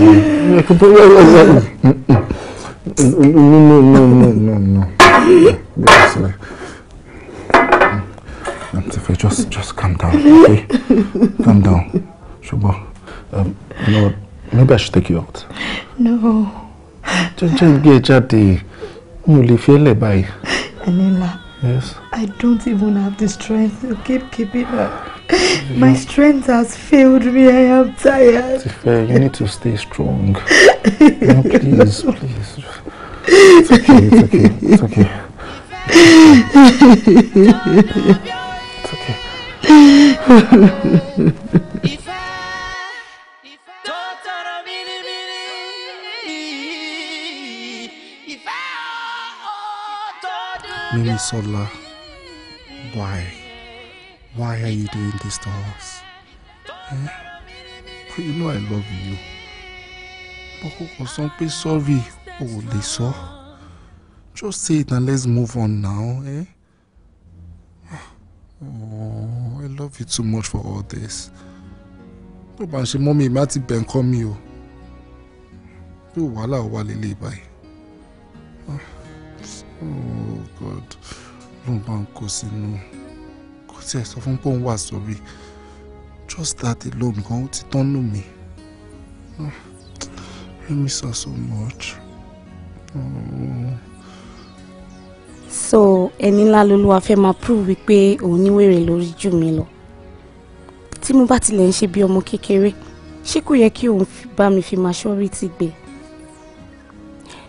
Speaker 3: no no no no no no
Speaker 8: yes
Speaker 3: Antifa just just calm down okay calm down ṣùgbọ́n um, you know what maybe I should take you out.
Speaker 8: no. jẹ́jẹ́ ń get
Speaker 3: ẹ jáde mi ò lè Anila yes.
Speaker 8: I don't even have the strength to keep keeping up. My strength has failed me. I am tired. Tife,
Speaker 3: you need to stay strong.
Speaker 8: No, please,
Speaker 5: please. It's okay, it's okay, it's okay. It's
Speaker 1: okay. It's okay.
Speaker 4: Mimisola,
Speaker 3: why? Why are you doing this to us? Eh? You know I love you. But o kò sọ sorry o ò lè Just say it and let's move on now. Eh? Oh, I love you too much for all this. No bá ń ṣe mọ́ mi ìmá ti bẹ̀ ń kọ́ mi o. Ah, oh God, no ń bá No kò tiẹ̀ sọ fún pé òun wà sórí just that alone gan ó ti tán nù mí I miss her so much.
Speaker 2: Oh. so ẹni ńlá lolúwa fẹ́ máa prove wípé òun níwèrè lórí jù mí lọ tí mo bá tilẹ̀ ń ṣe bí ọmọ kékeré ṣé kò yẹ kí òun bá mi fi maturity gbé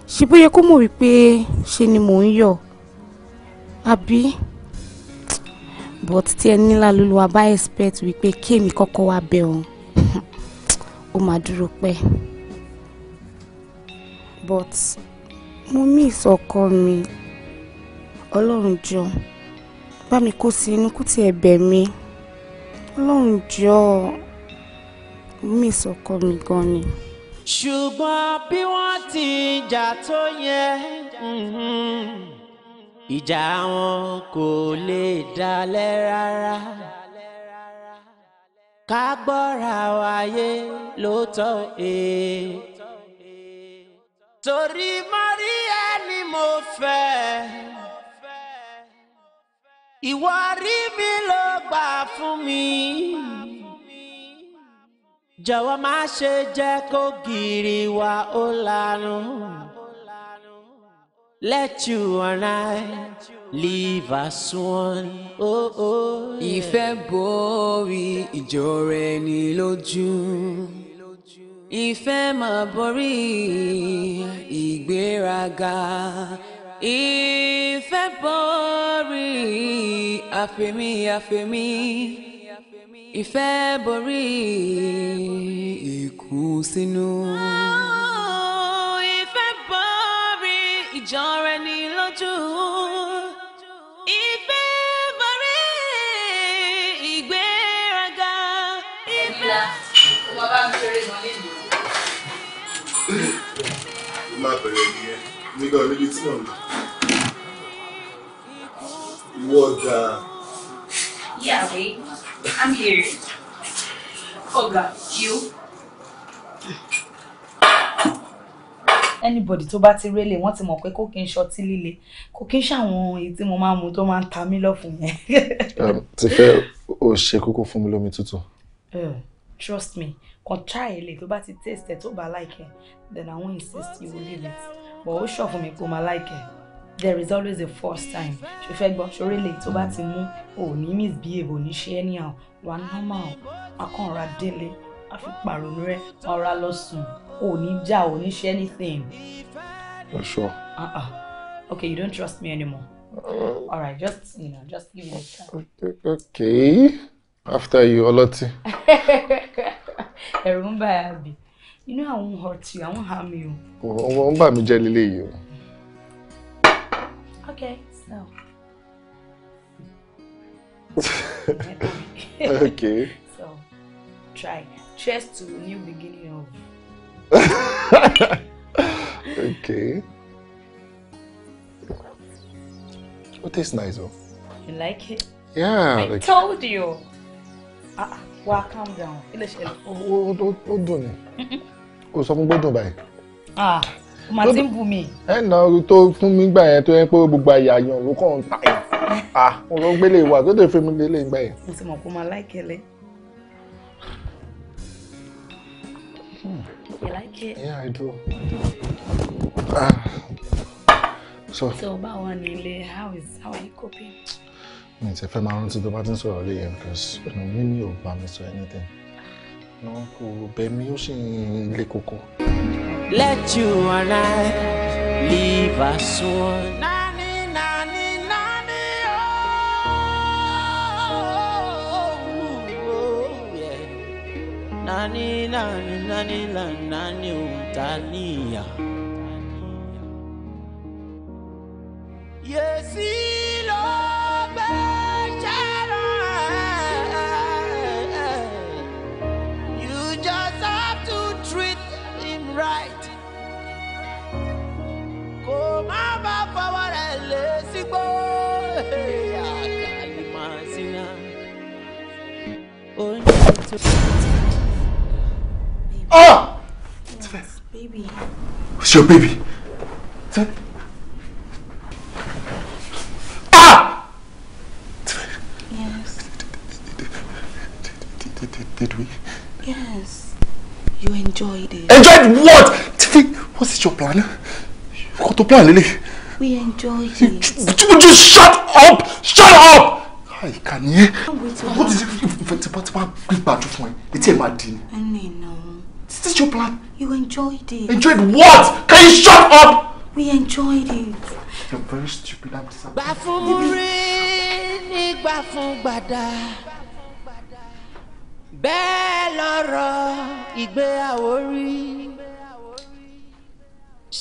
Speaker 2: ṣe bó yẹ kó mọ̀ wípé ṣe ni mò ń yọ̀ àbí but tí ẹ nílá lólu wa bá expect wípé kéèmí kọ́kọ́ wá bẹ̀ òun ó máa dúró pẹ́ but mo mí ìsọkọ mi ọlọ́run jọ bá mi kó sí inú kùtì ẹ̀bẹ̀ mi ọlọ́run jọ mo mí ìsọkọ mi gan ni.
Speaker 1: ṣùgbọ́n bí wọ́n ti jà tó yẹ. Mhm ìjà wọn kò lè dalẹ̀ rárá ká gbọ́ra wáyé lóòótọ́ ee torí mọ́rí ẹni mo fẹ́ ìwọ rí mi ló gbà fún mi jọ̀wọ́ má ṣe jẹ́ kó gìrì wa ó lanu. Let you and I live as one. Oh, oh, yeah. Ìfẹ́ borí ìjọra ẹni
Speaker 9: lójú. Ìfẹ́ máa borí ìgbéraga. Ìfẹ́ borí àfẹ́mí àfẹ́mí. Ìfẹ́ borí ìkùnsínú. Oh. Ah
Speaker 5: ìjọra ni lójú. Ìfẹ́ borí ìgbéraga. Ìfẹ́.
Speaker 6: Ọmọ bá mi ṣeré gan nílùú.
Speaker 3: Ó máa bẹ̀rẹ̀ nìyẹn nígbà olójú tí mò ń lọ. Ìwọ ọ̀gá.
Speaker 9: Yeah, wait. I'm here.
Speaker 2: Ọ̀gá, you. anybody tó bá ti rélé wọ́n ti mọ̀ pé kò kí n ṣọtí líle kò kí n ṣàwọn èyí tí mo máa mu tó máa ń ta mí lọ́fun yẹn. Um, ti fẹ́
Speaker 3: o ṣe kókó fún mi lómi tútù.
Speaker 2: Um, trust me kan try ele tó bá ti taste ẹ tó bá like ẹ then i won't insist you will leave it but ó ṣọ̀ fún mi pé o máa like ẹ there is always a first time ṣe fẹ́ gbọ́ ṣoré lè tó bá ti mú òní misbehave òní ṣe anyhow wà normal akànra délé àfipàrònú rẹ ọ̀rá lọ sùn ò ní já ò ṣe anything. for sure. Uh-uh. okay you don't trust me anymore. Uh, all right just you know just give me a chance.
Speaker 3: okay after you ọlọ́tí.
Speaker 2: ẹ̀rù ń bá a bì inú àwọn hurt you àwọn harm you.
Speaker 3: wọ́n ń bà mí jẹ́ lílé yìí o.
Speaker 8: okay so.
Speaker 5: okay.
Speaker 2: so try cheers to a new beginning of.
Speaker 3: okay. It tastes nice though. You like it? Yeah. I like...
Speaker 2: told you. Ah, ah well, calm down. Ó dùn ni.
Speaker 3: Ó sọ fún gbọ́dọ̀ báyìí.
Speaker 2: Ah, mà ti ń bù mí.
Speaker 3: Ẹ na tó fún mi gbà yẹn tó yẹ pé gbogbo àyà yàn ló kàn ń tà yẹn. Ah, mo lọ gbélé wa tó lè fi mi lélẹ̀ gbà yẹn.
Speaker 2: Mo ti mọ̀ kó máa láìkẹ́lẹ́.
Speaker 5: You like it?
Speaker 3: Yeah, I do.
Speaker 2: Ah. So. So, Bawanile, how is
Speaker 3: how are you coping? It's a fair amount of the button so early because you know, Mimi or Bamis or anything. No, who Bemi Yoshin Lekoko.
Speaker 1: Let you and I leave us one. nani nani nani la nani umtania yesilobe You just have to treat him right. Kò má bá fọwọ́ rẹ̀ lé
Speaker 5: Ah! It's baby. It's your baby.
Speaker 3: Ah!
Speaker 7: Yes. Did, did, did we?
Speaker 2: Yes. You enjoyed it.
Speaker 3: Enjoyed what? What is your plan? What's your plan, Lily?
Speaker 2: We enjoyed
Speaker 3: it. Would you shut up? Shut up! Àìkà ni ẹ́. What is it? Ìfẹ̀tìpátìpá gbígbàjú fún ẹ. Etí ẹ̀ máa di ni.
Speaker 2: I know. Is this your plan? You enjoyed it. Enjoyed what? Can you shut
Speaker 5: up? We enjoyed it.
Speaker 3: You're very stupid. I'm sorry.
Speaker 5: Gbà fún múrí
Speaker 1: ní gbà fún gbàdá. Bẹ́ẹ̀ lọ́rọ̀ ìgbéyàwó rí.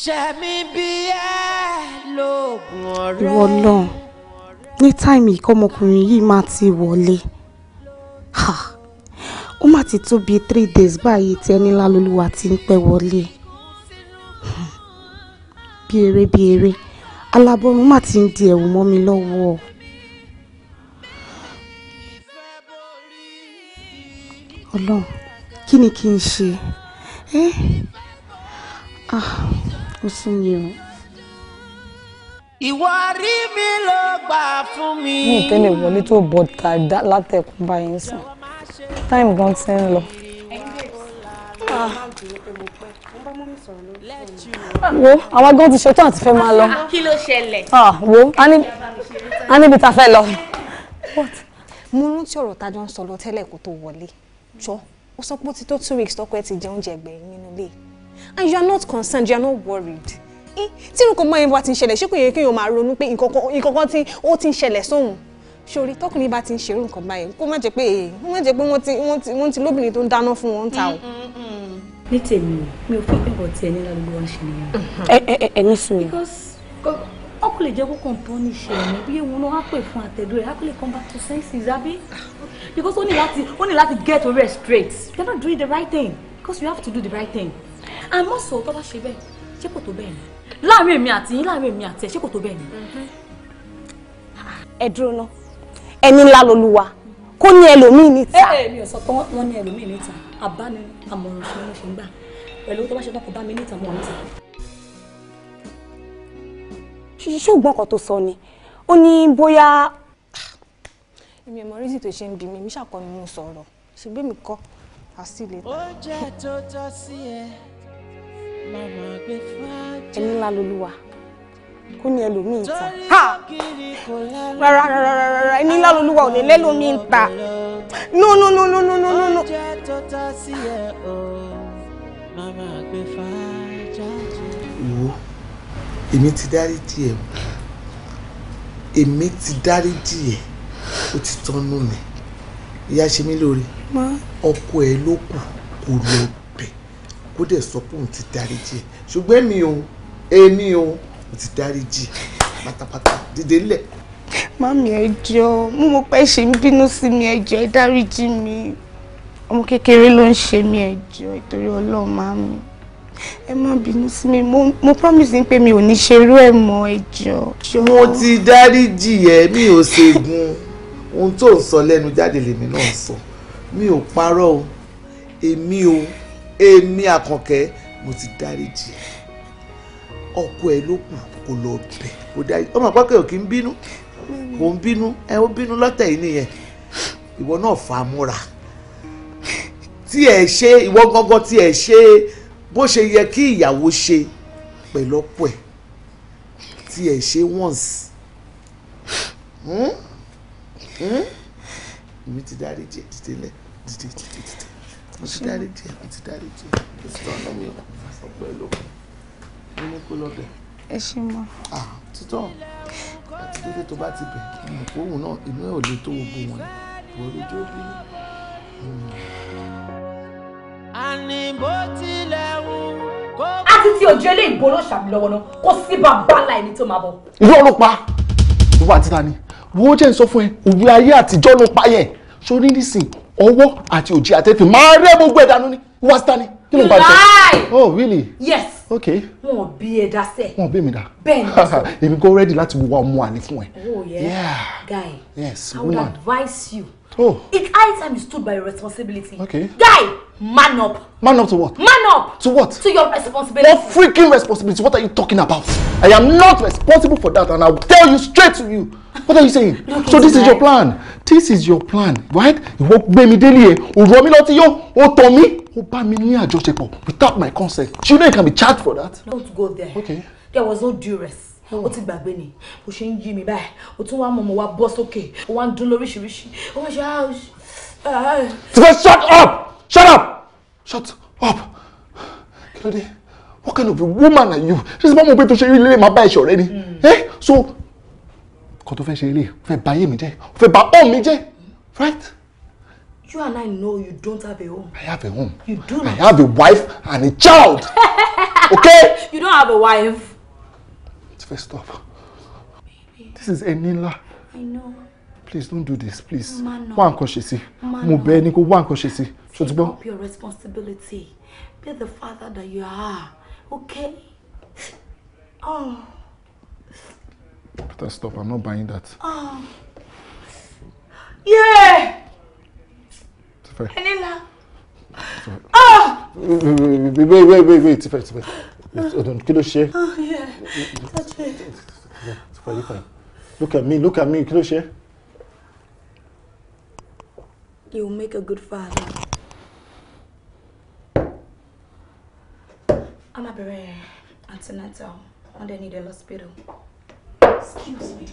Speaker 1: Ṣẹ̀mí bí ẹ lóògùn ọ̀rẹ́. Ìwọ náà
Speaker 2: ní táìmì ìkọ́mọkùnrin yìí máa ti wọlé. Ha! ó mà ti tó bíi three days báyìí tí ẹni lálólúwa ti ń pẹ́ wọlé hmm. bí eré bí eré alábọ́run mà ti ń di ẹ̀wù mọ́ mi lọ́wọ́
Speaker 4: ọlọ́run kí ni kí n ṣe ah ó sún mi o.
Speaker 1: ìwọ rí mi ló gbà fún mi. mi ò tẹ́lẹ̀ wọlé
Speaker 2: tó bọ̀ tà látẹ̀kùn báyìí sàn time gan ti ń lọ. wo àwa gan ti ṣetán àti fẹ́ máa lọ. Ah, kí ló ṣẹlẹ̀. Ah, wo
Speaker 5: a níbi tá a fẹ́ lọ.
Speaker 2: mo rántí ọ̀rọ̀ tájọ ń sọ lọ tẹ́lẹ̀ kó tó wọlé jọ ó sọ pé ó ti tó two weeks tọkọ ẹ ti jẹ oúnjẹ ẹgbẹ̀rin nínú ilé and you are not concerned you are not worried tí nǹkan mọ́ ẹ bá ti ń ṣẹlẹ̀ ṣé kò yẹ kí èèyàn máa ronú pé nǹkan kan tí ó ti ń ṣẹlẹ̀ sóhun sori tọkùnrin bá ti ń ṣerú nǹkan báyìí kó má jẹ́ pé kó má jẹ́ pé wọ́n ti wọ́n ti wọ́n ti lóbìnrin tó ń dáná fún wọn ń ta o. Mm, mm, mm. ní tèmi mi ò fi ẹ̀rọ tí ẹni lálùbọ̀ wá ṣe nìyẹn. Mm-hmm. ẹ ẹ ẹ ní sùn. because ọkùnrin lè jẹ́ kó kàn tán ní ìṣe ẹ̀mí bí ewu náà á pè fún àtẹ̀dó rẹ̀ á pè lè come back to senses àbí because ó ní láti ó ní láti get over straight you are not doing the right thing because you have to do the right thing and most of tó bá ṣe bẹ́ẹ̀ ṣé kò tó bẹ́ẹ̀ ni láàrin èmi àti yín láàrin èmi àti ẹ̀ ṣé kò tó bẹ́ẹ̀ ni. Mm-hmm. ẹ dúró náà ẹni ńlá lolúwa kó ní ẹlòmíì níta. ẹ eh, ẹ eh, mi ò sọ pé wọn ní ẹlòmíì níta àbáni àmọ̀ràn ṣe ló ṣe ń gbà pẹ̀lú tó bá ṣe tán kò bá mi níta mọ níta. ṣùgbọ́n kan tó sọ ni ó ní bóyá. èmi ò mọ rísì tó ṣe ń bí mi mi ṣàkọ mo sọ̀rọ̀ ṣùgbọ́n mi kọ́
Speaker 1: àsìlẹ̀. ó jẹ́ tó tọ́ sí ẹ màmá gbé fáájà.
Speaker 2: ẹni ńlá lolúwa kó ní ẹlòmíì ta rárá rárá rárá ẹni ńlá lolúwa ò lè lẹ́lòmíì ta no no no no no no no.
Speaker 7: wo èmi ti dáríjì ẹ èmi ti dáríjì ẹ ó ti tọ́nú mi ìyá ṣe mí lóore ọkọ ẹ ló kù kò lọ bẹ kó dẹ̀ sọ pé òun ti dáríjì ẹ ṣùgbọ́n èmi o èmi o mo ti dáríjì pátápátá dédé ńlẹ̀.
Speaker 2: mami ẹjọ mo mọ pé ṣe ń bínú sí mi ẹjọ ẹ dáríjì mi ọmọ kékeré ló ń ṣe mí ẹjọ ìtorí Ọlọ́run mami ẹ má bínú sí mi mo promise ni pé mi ò ní ṣe irú ẹ̀ mọ́ ẹjọ.
Speaker 7: mo ti dáríjì ẹ mi ò ṣègùn ohun tó ń sọ lẹ́nu jáde lèmi náà sọ mi ò parọ́ o èmi o èmi àkànkẹ́ mo ti dáríjì ẹ ọkọ ẹ ló kù kó lọ bẹ kó dá ọmọ àpákẹ́ ò kí ń bínú kò ń bínú ẹ ó bínú lọ́tẹ̀ yìí nìyẹn ìwọ náà fà á múra tí ẹ ṣe ìwọ gangan tí ẹ ṣe bó ṣe yẹ kí ìyàwó ṣe pẹ̀lú ọ̀pọ̀ ẹ̀ tí ẹ ṣe once hmm? Hmm? èmi ti dárí jẹ títí lẹ títí títí títí mo ti dárí jẹ mo ti dárí jẹ mo ní kó lọ bẹ̀. ẹ ṣe mọ. títọ́ àti dédé tó bá ti bẹ̀ òun náà inú ẹ̀ ò lè tó gbogbo wọn ìwọ lójú
Speaker 2: ó bínú. àti tí ojú ilé ìgboro ṣàbí lọ́wọ́ náà kó sí bàbá ńlá ẹni tó máa bọ̀.
Speaker 7: irú ọlọ́pàá ìwọ àti tani wo jẹ́ ń sọ fún ẹ òwe ayé àtijọ́ ló pa yẹn sórí nísìn ọwọ́ àti òjì àtẹ́fì máa rẹ́ gbogbo ẹ̀dánú ni wọ́n ti tani kí ló ń bá a jẹ. lie oh really. yes Okay.
Speaker 2: wọn ò bí ẹ dá sẹ.
Speaker 3: wọn ò bí mi dá. bẹ́ẹ̀ ni sọ. èmi kò ready láti wá ọmọ àní fún ẹ.
Speaker 2: oh yeah. yeah. guy.
Speaker 3: yes woman. i would
Speaker 2: advise you. oh. it's high time you stood by your responsibility. okay. guy. Man up. Man up to what? Man up. To what? To your responsibility. Your
Speaker 3: freaking responsibility? What are you talking about? I am not responsible for that and I will tell you straight to you. What are you saying? so this is your plan. This is your plan, right? You gbé mi délé ẹ̀, ò rọ mi lọ́tí yó, ó tọ̀ mí, ó bá mi ní àjọṣepọ̀ without my consent. Do you know you can be charged for
Speaker 2: that? Don't go there. Okay. There was no duress. ó oh. ti gbàgbé ni bó ṣe ń yí mi báyìí ó tún wá mọ̀ mọ̀ wá bọ́ sókè ó wá ń dún lóríṣiríṣi ó wá ṣe ah. ah, ah. Shut up! Shut up!
Speaker 3: Shut up! Kí What kind of a woman are you? Ṣé ṣe bá to pé tó ṣe eré ilé máa bá ẹ̀ṣọ́ rẹ ni? Hmm. Eh? so kò tó fẹ́ ṣe eré o fẹ́ bà ayé mi jẹ́ o fẹ́ bà home mi jẹ́ right?
Speaker 6: You and I know you don't have a home. I
Speaker 3: have a home. You do not. I have a wife and a child.
Speaker 6: Okay? You don't have a wife.
Speaker 3: Let's First stop. Baby. This is Enila. I know. Please don't do this, please. Mano. Wá nǹkan ṣe sí. Mano. Mo bẹ̀ ẹ́ ni kó wá nǹkan ṣe sí so Take up
Speaker 2: your responsibility be the father that you are okay. Oh.
Speaker 3: Peter stop I'm not buying that.
Speaker 2: Oh. Yeah. Tifẹ. Enila.
Speaker 3: Oh. Wait wait wait wait wait Tifẹ Tifẹ. Kí ló
Speaker 5: Oh yeah. Touch it.
Speaker 3: Tifẹ yí fine. Look at me look at me kí ló ṣe?
Speaker 2: make a good father. wọ́n máa bẹ̀rẹ̀ antenatal wọ́n dẹ̀ need a hospital. excuse me.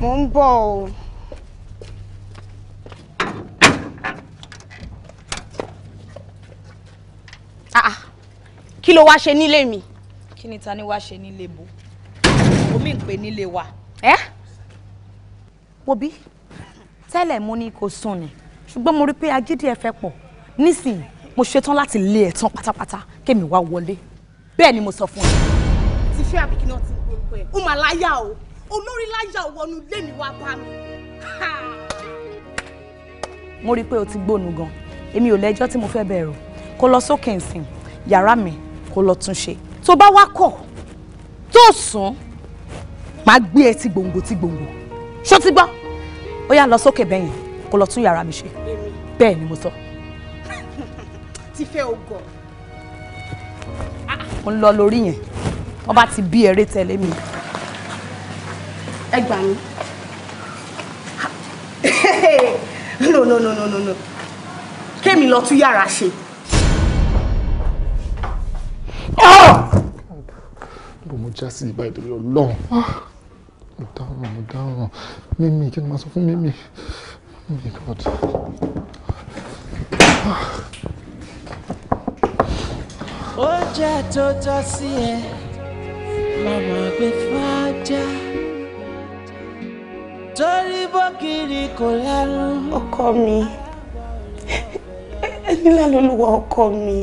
Speaker 8: mo
Speaker 2: ah, kilo ah. wa kí ló wá ṣe mi. kí ni ta ni wá bo omi ń pè wa. ẹ wo bí tẹ́lẹ̀ mo ní kò sùn ni ṣùgbọ́n mo rí i pé agídí ẹ fẹ́ pọ̀ mo ṣetán láti lé ẹ̀ tán pátápátá kémi wá wọlé bẹ́ẹ̀ ni mo sọ fún ẹ. ti ṣe àbíkí náà ti gbogbo ẹ ó máa láyà o olórí láyà ò wọnú ilé mi wá bá mi. mo rí i pé o ti gbónu gan èmi ò lẹ́jọ́ tí mo fẹ́ bẹ̀rù kó lọ sókè nsìn yàrá mi kó lọ tún ṣe tó bá wá kọ̀ tó sùn máa gbé ẹ ti gbòǹgbò ti gbòǹgbò ṣó ti gbọ́ ó yá lọ sókè bẹ́yìn kó lọ tún yàrá mi ṣe bẹ́ẹ̀ ni mo sọ. So ti fẹ́ ògọ̀. Ah, mo ń lọ lórí yẹn wọ́n bá ti bí eré tẹ̀lé mi. ẹ gbà mí. no no no no no no kémi lọ tún yàrá ṣe.
Speaker 3: Ah! bó mo já sí ìbá ìdòrí ọlọ́run ah! mo dáhùn mo dáhùn mímí kí ni màá sọ fún mímí. Oh God
Speaker 1: oúnjẹ tó tọ́ sí ẹ màmá gbé fájá torí bókiri kò lẹ́nu. ọkọ mi
Speaker 2: ẹni lálólùwà ọkọ mi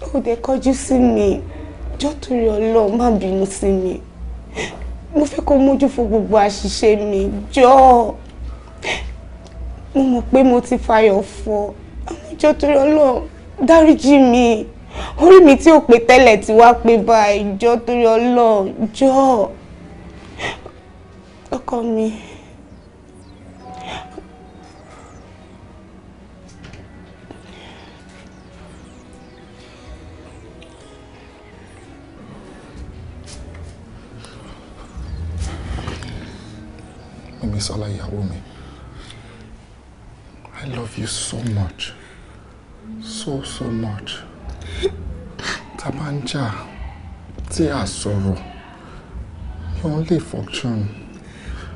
Speaker 2: ó dé kọjú sí mi jọ torí Ọlọ́run má bínú sí mi mo fẹ́ kó mójú fún gbogbo àṣìṣe mi jọ mo mọ̀ pé mo ti fàyọ̀ fọ́ àmọ́ jọ torí Ọlọ́run dáríjì mi orí mi tí ò pé tẹ́lẹ̀ ti wá pé bá ìjọ torí ọlọ́ọ̀jọ́ ọkọ mi.
Speaker 3: Omisola ìyàwó mi. I love you so much. So, so much tá a bá ń jà tí a sọ̀rọ̀ you only function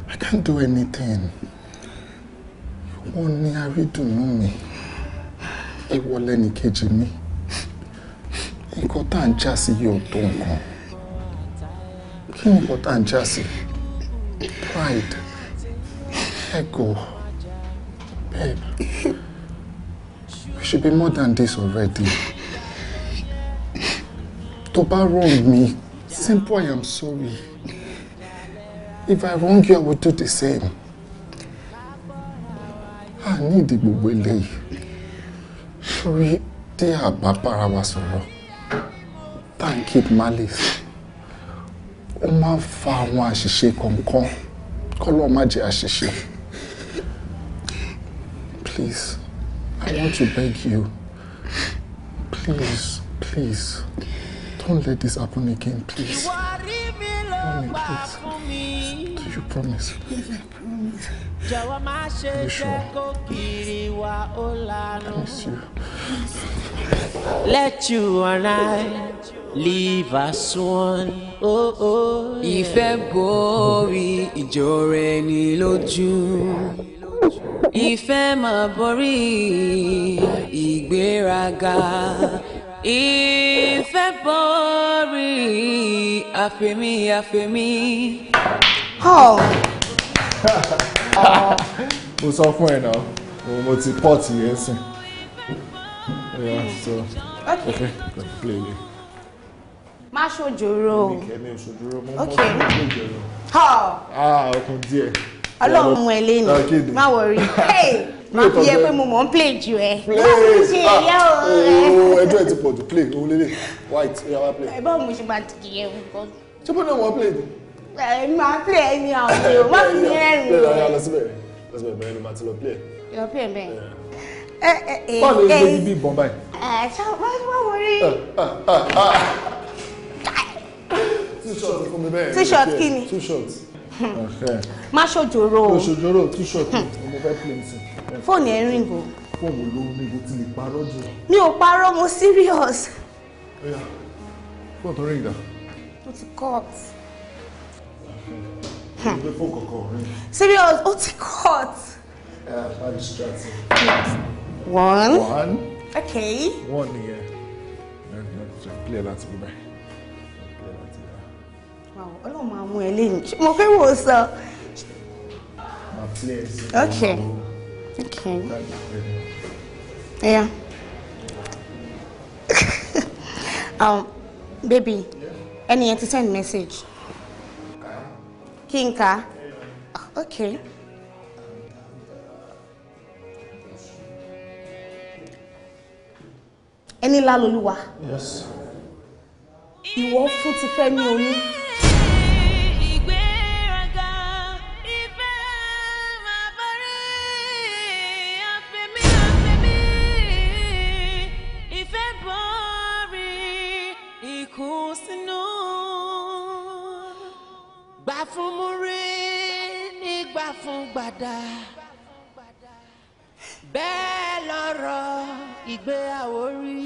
Speaker 3: I can't do anything wọ́n ní àrídùnnú mi ìwọ lẹ́ni kejì mi nǹkan tá à ń jà sí yóò tó nǹkan kí ni nǹkan tá à ń jà sí pride ego babe we should be more than this already tó bá wrong me simple I am sorry if I wrong you I will do the same I need the gbogbo eléyìí sórí tí àgbà bára wa sọ̀rọ̀ Thank you, keep malice ó máa ń fa àwọn àṣìṣe kọ̀ọ̀kan kọ́lọ́ má jẹ́ àṣìṣe please I want to beg you please please. Don't let this happen again, please.
Speaker 1: Mommy, please. Do you promise? Yes, I promise. Are you Let you and I leave as one. Oh, oh, yeah. Ìfẹ́ borí
Speaker 9: ìjọra ẹni lójú. Ìfẹ́ máa borí ìfẹ́ borí àfẹ́mí àfẹ́mí. mo sọ fún ẹ náà
Speaker 2: mo ti pọ́ọ̀tì yẹn sìn. Yeah, so, okay. Let's play it. Má ṣojoro.
Speaker 3: Èmi Okay. Ha! Ah, okun díẹ̀. Ọlọ́run mú ẹ lé ní. Ah,
Speaker 2: Má wọrí. Hey! máa fi pé mo mọ̀ ń play jù ẹ. play ṣe ah, ìyá o oh,
Speaker 8: rẹ.
Speaker 3: ẹjọ́ ẹ ti pọ̀ jù play òun lélẹ̀ white
Speaker 2: ìyá wa play. ẹ báwo mo ṣe máa ti yẹ nǹkan. ṣé bó ní wọn play ni. ẹ máa play ẹni àwọn èèyàn má fi rẹ́rìn. play ara lọ
Speaker 3: síbẹ̀ lọ síbẹ̀ bẹ́ẹ̀ ni
Speaker 2: báwo ni ibi bíi ìbọn báyìí. ẹ ṣá wá wọlé. Ah, ah, t-shirt fún mi bẹ́ẹ̀. t-shirt kí ni.
Speaker 3: t-shirt.
Speaker 2: má ṣojoro.
Speaker 3: má ṣojoro t-shirt mo fẹ́ play nsìn fóònù ẹ̀ ń rìngbò. fóònù ló ń rìngbò tí lè parọ́ jù.
Speaker 2: mi ò parọ́ mo serious.
Speaker 3: ẹyà fóònù tó rìn dà.
Speaker 2: ó ti cut. ìgbẹ́ fóònù kọ̀ọ̀kan rìn. serious ó ti cut.
Speaker 3: ẹ ẹ bá mi straight. one. one. okay. one nìyẹn. ẹ ẹ clear láti gbé báyìí.
Speaker 2: ọlọ́run máa mú ẹ lẹ́yìn mo fẹ́ wò ó sọ. Okay. Okay. Yeah. um, baby, yeah. any to send message? Kinka? Uh, okay. Any Lálolúwa? Yes. You want food to fẹ́ me only?
Speaker 5: gbà fún múrí
Speaker 1: nígbà fún gbàdá bẹ́ẹ̀ lọ́rọ̀ ìgbéyàwó rí.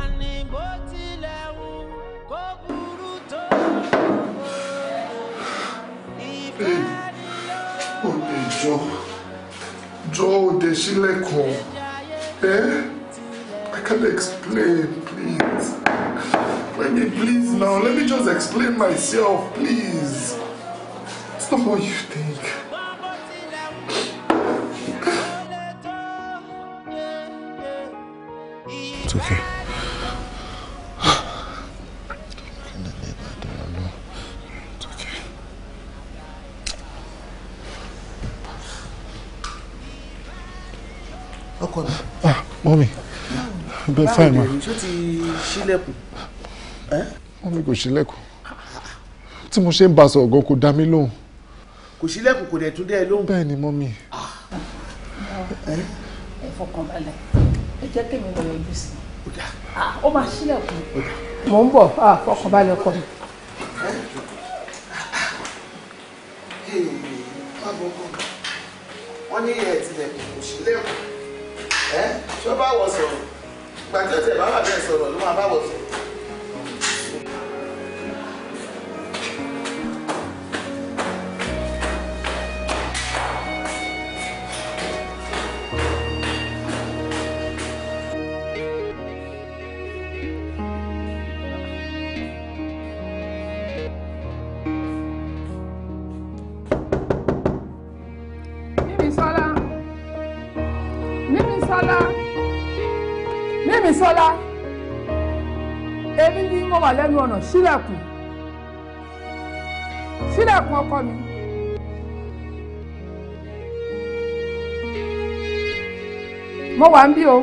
Speaker 1: àní bó tilẹ̀
Speaker 3: wù kó burú tó ìfẹ́ nílò. o lè jọ jọ òde sílẹ̀ kan ẹ́ eh? I can't explain please. me please now. Let me just explain myself, please. It's not what you think. It's okay. It's okay. Okay. Ah, mommy bẹ́ẹ̀ fáì ma. báwo lè
Speaker 7: ṣó ti ṣílẹ̀kùn.
Speaker 3: wọ́n mi kò ṣílẹ̀kùn tí mo ṣe ń bá sọ̀rọ̀ gan kò dá mi lóhùn.
Speaker 7: kò ṣílẹ̀kùn kò dẹ̀ tún dẹ́ ẹ lóhùn. bẹ́ẹ̀ ni mọ́mì.
Speaker 6: ẹ fọkàn balẹ̀ ẹ jẹ́ kémi lọ yọjú sí i ó máa ṣílẹ̀kùn. mò ń bọ̀ fọkàn balẹ̀ kọ́ mi.
Speaker 7: wọ́n ní ẹ̀ tilẹ̀kùn kò ṣílẹ̀kùn ẹ̀ ṣọ́ bá wọ sọ̀rọ̀ ìgbà tí ó tẹ̀ bá wà bẹ́ẹ̀ sọ̀rọ̀ ló máa bá wọ̀ sọ̀rọ̀.
Speaker 6: ọ̀nà sílẹ̀kùn sílẹ̀kùn ọkọ mi. mo wà ń bí o.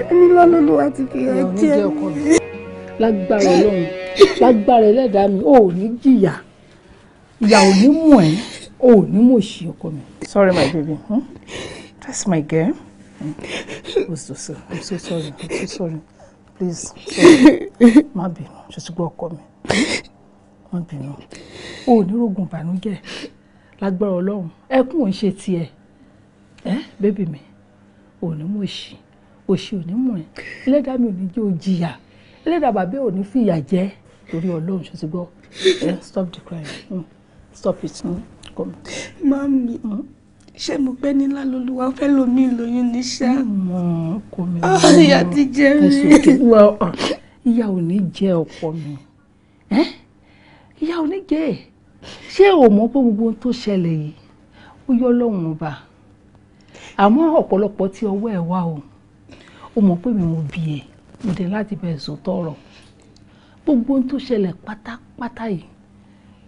Speaker 6: ẹni lọ́lọ́lọ́wà ti fi ẹ jẹ́ mi. lágbára ọlọ́run lágbára ẹlẹ́dàá mi ò ní jìyà ìyà ní mú ẹ́. Oh, ò ní mò ṣe mi. sorry my baby hmm? that's my girl. Hmm? I'm oh, so sorry I'm so sorry I'm so sorry please sorry má bínú ṣètùgbọ́ ọkọ mi hmm? má bínú o ò ní rògùn ìbànújẹ́ lágbára ọlọ́run ẹkún ò ń ṣe tiẹ̀ ẹ́ bébì mi ò ní mò ṣì òṣì ò ní mọ̀ ẹ́ ẹlẹ́dàá mi ò ní jẹ́ ó jìyà ẹlẹ́dàá bàbá ò ní fìyà jẹ́ torí ọlọ́run ṣe ti gbọ́ stop the crying mm. stop it. Mm ọkọ mi. Mami, mm. ṣé mo pẹ́ nílá lolúwa fẹ́ lomi lóyún ní ṣá? Mọ̀
Speaker 8: ọkọ mi. Ah, ìyá ti jẹ mí.
Speaker 6: Ah, ìyá ò ní jẹ ọkọ mi. Ìyá ò ní jẹ ẹ̀. Ṣé o mọ̀ pé gbogbo ohun tó ṣẹlẹ̀ yìí ó yọ lọ́hùn ọba? Àmọ́ ọ̀pọ̀lọpọ̀ tí ọwọ́ ẹ̀ wá o. O mọ̀ pé mi ò bí ẹ̀. Mo dé láti bẹ̀rẹ̀ sòtọ̀ ọ̀rọ̀ gbogbo ohun tó ṣẹlẹ̀ pátápátá yìí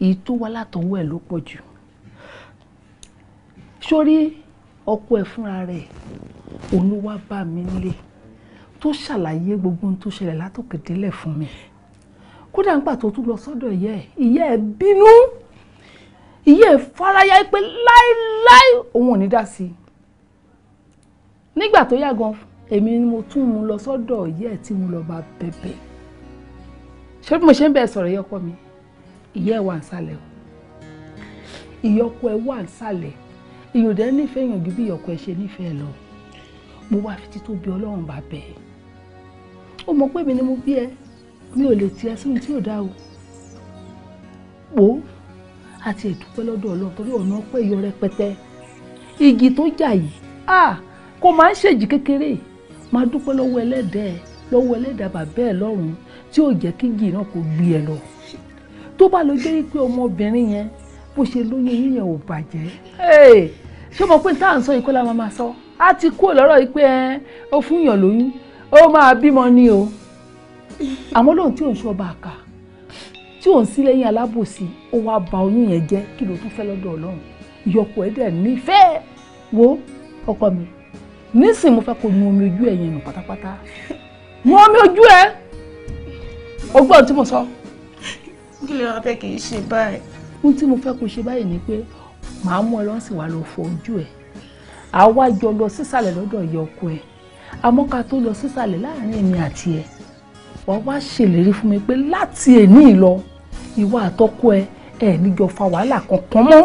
Speaker 6: èyí tó wá látọwọ́ ẹ̀ ló pọ̀ jù sórí ọkọ ẹ̀ fúnra rẹ̀ olúwa bá mi lé tó ṣàlàyé gbogbo ohun tó ṣẹlẹ̀ látòkè délẹ̀ fún mi kódà nígbà tó tún lọ sọ́dọ̀ ìyá ẹ̀ ìyá ẹ̀ bínú ìyá ẹ̀ faraya pé láéláé òun ò ní dá sí i nígbà tó yá gan èmi ni mo tún mú lọ sọ́dọ̀ ìyá ẹ̀ tí mo lọ bá bẹ̀bẹ̀ ṣé bí mo ṣe ń bẹ̀ sọ̀rọ̀ ìyá ọkọ mi ìyá ẹ̀ wà ń sàlẹ̀ o ìyá ọkọ ẹ̀ wà ń sàlẹ̀ o ìyàn dẹ́ nífẹ̀ẹ́ yàn ju bí ìyọ̀kọ̀ ẹ ṣe nífẹ̀ẹ́ lọ mo wá fi títóbi ọlọ́run bá bẹ̀ ẹ́ ó mọ̀ pé mi ni mo bí ẹ mi ò lè tiẹ̀ sínú tí ò dá o pò ó àti ìdúpẹ́ lọ́dọ̀ ọlọ́run torí ọ̀nà ọpẹ́ ìyọ rẹpẹtẹ igi tó jà yìí kò máa ń ṣèjì kékeré máa dúpẹ́ lọ́wọ́ ẹlẹ́dẹ̀ẹ́ lọ́wọ́ ẹlẹ́dàá bàbá ẹ̀ lọ́rùn tí ò jẹ́ kí igi náà kò gbé ẹ lọ tó bá lọ jẹ́ pé ọmọbìnrin yẹn bó ṣe lóyún yín yẹn ò bàjẹ́ ṣé mo pé tá à ń sọ ìkọ́lá máa máa sọ á ti kú lọ́rọ̀ yìí pé ó fún yàn lóyún ó máa bímọ ni o àmọ́ lóun tí ò ń ṣọba àkà tí ò ń sí lẹ́yìn alábòsí ó wáá ba oyún yẹn jẹ́ kí ló tún fẹ́ lọ́dọ̀ ọlọ́run ìyọkọ̀ ẹ̀ dẹ̀ nífẹ̀ẹ́ wo ọkọ mi nísìn mo fẹ́ kó nu omi ojú ẹ̀ yẹn nù pátápátá nu omi ojú ẹ̀ o gbọ́dọ̀ tí mo sọ. kí ló wá fẹ́ kì í ṣe báyìí ohun tí mo fẹ́ kó ṣe báyìí ni pé màá mú ẹ lọ́sìn wá lọ fọ ojú ẹ̀ àwa jọ lọ sísàlẹ̀ lọ́dọ̀ ìyá ọkọ ẹ̀ àmọ́ ká tó lọ sísàlẹ̀ láàrin èmi àti ẹ̀ wà wá ṣèlérí fún mi pé láti èní lọ ìwà àtọ́kọ ẹ ẹ̀ níjọ fa wàhálà kankan mọ́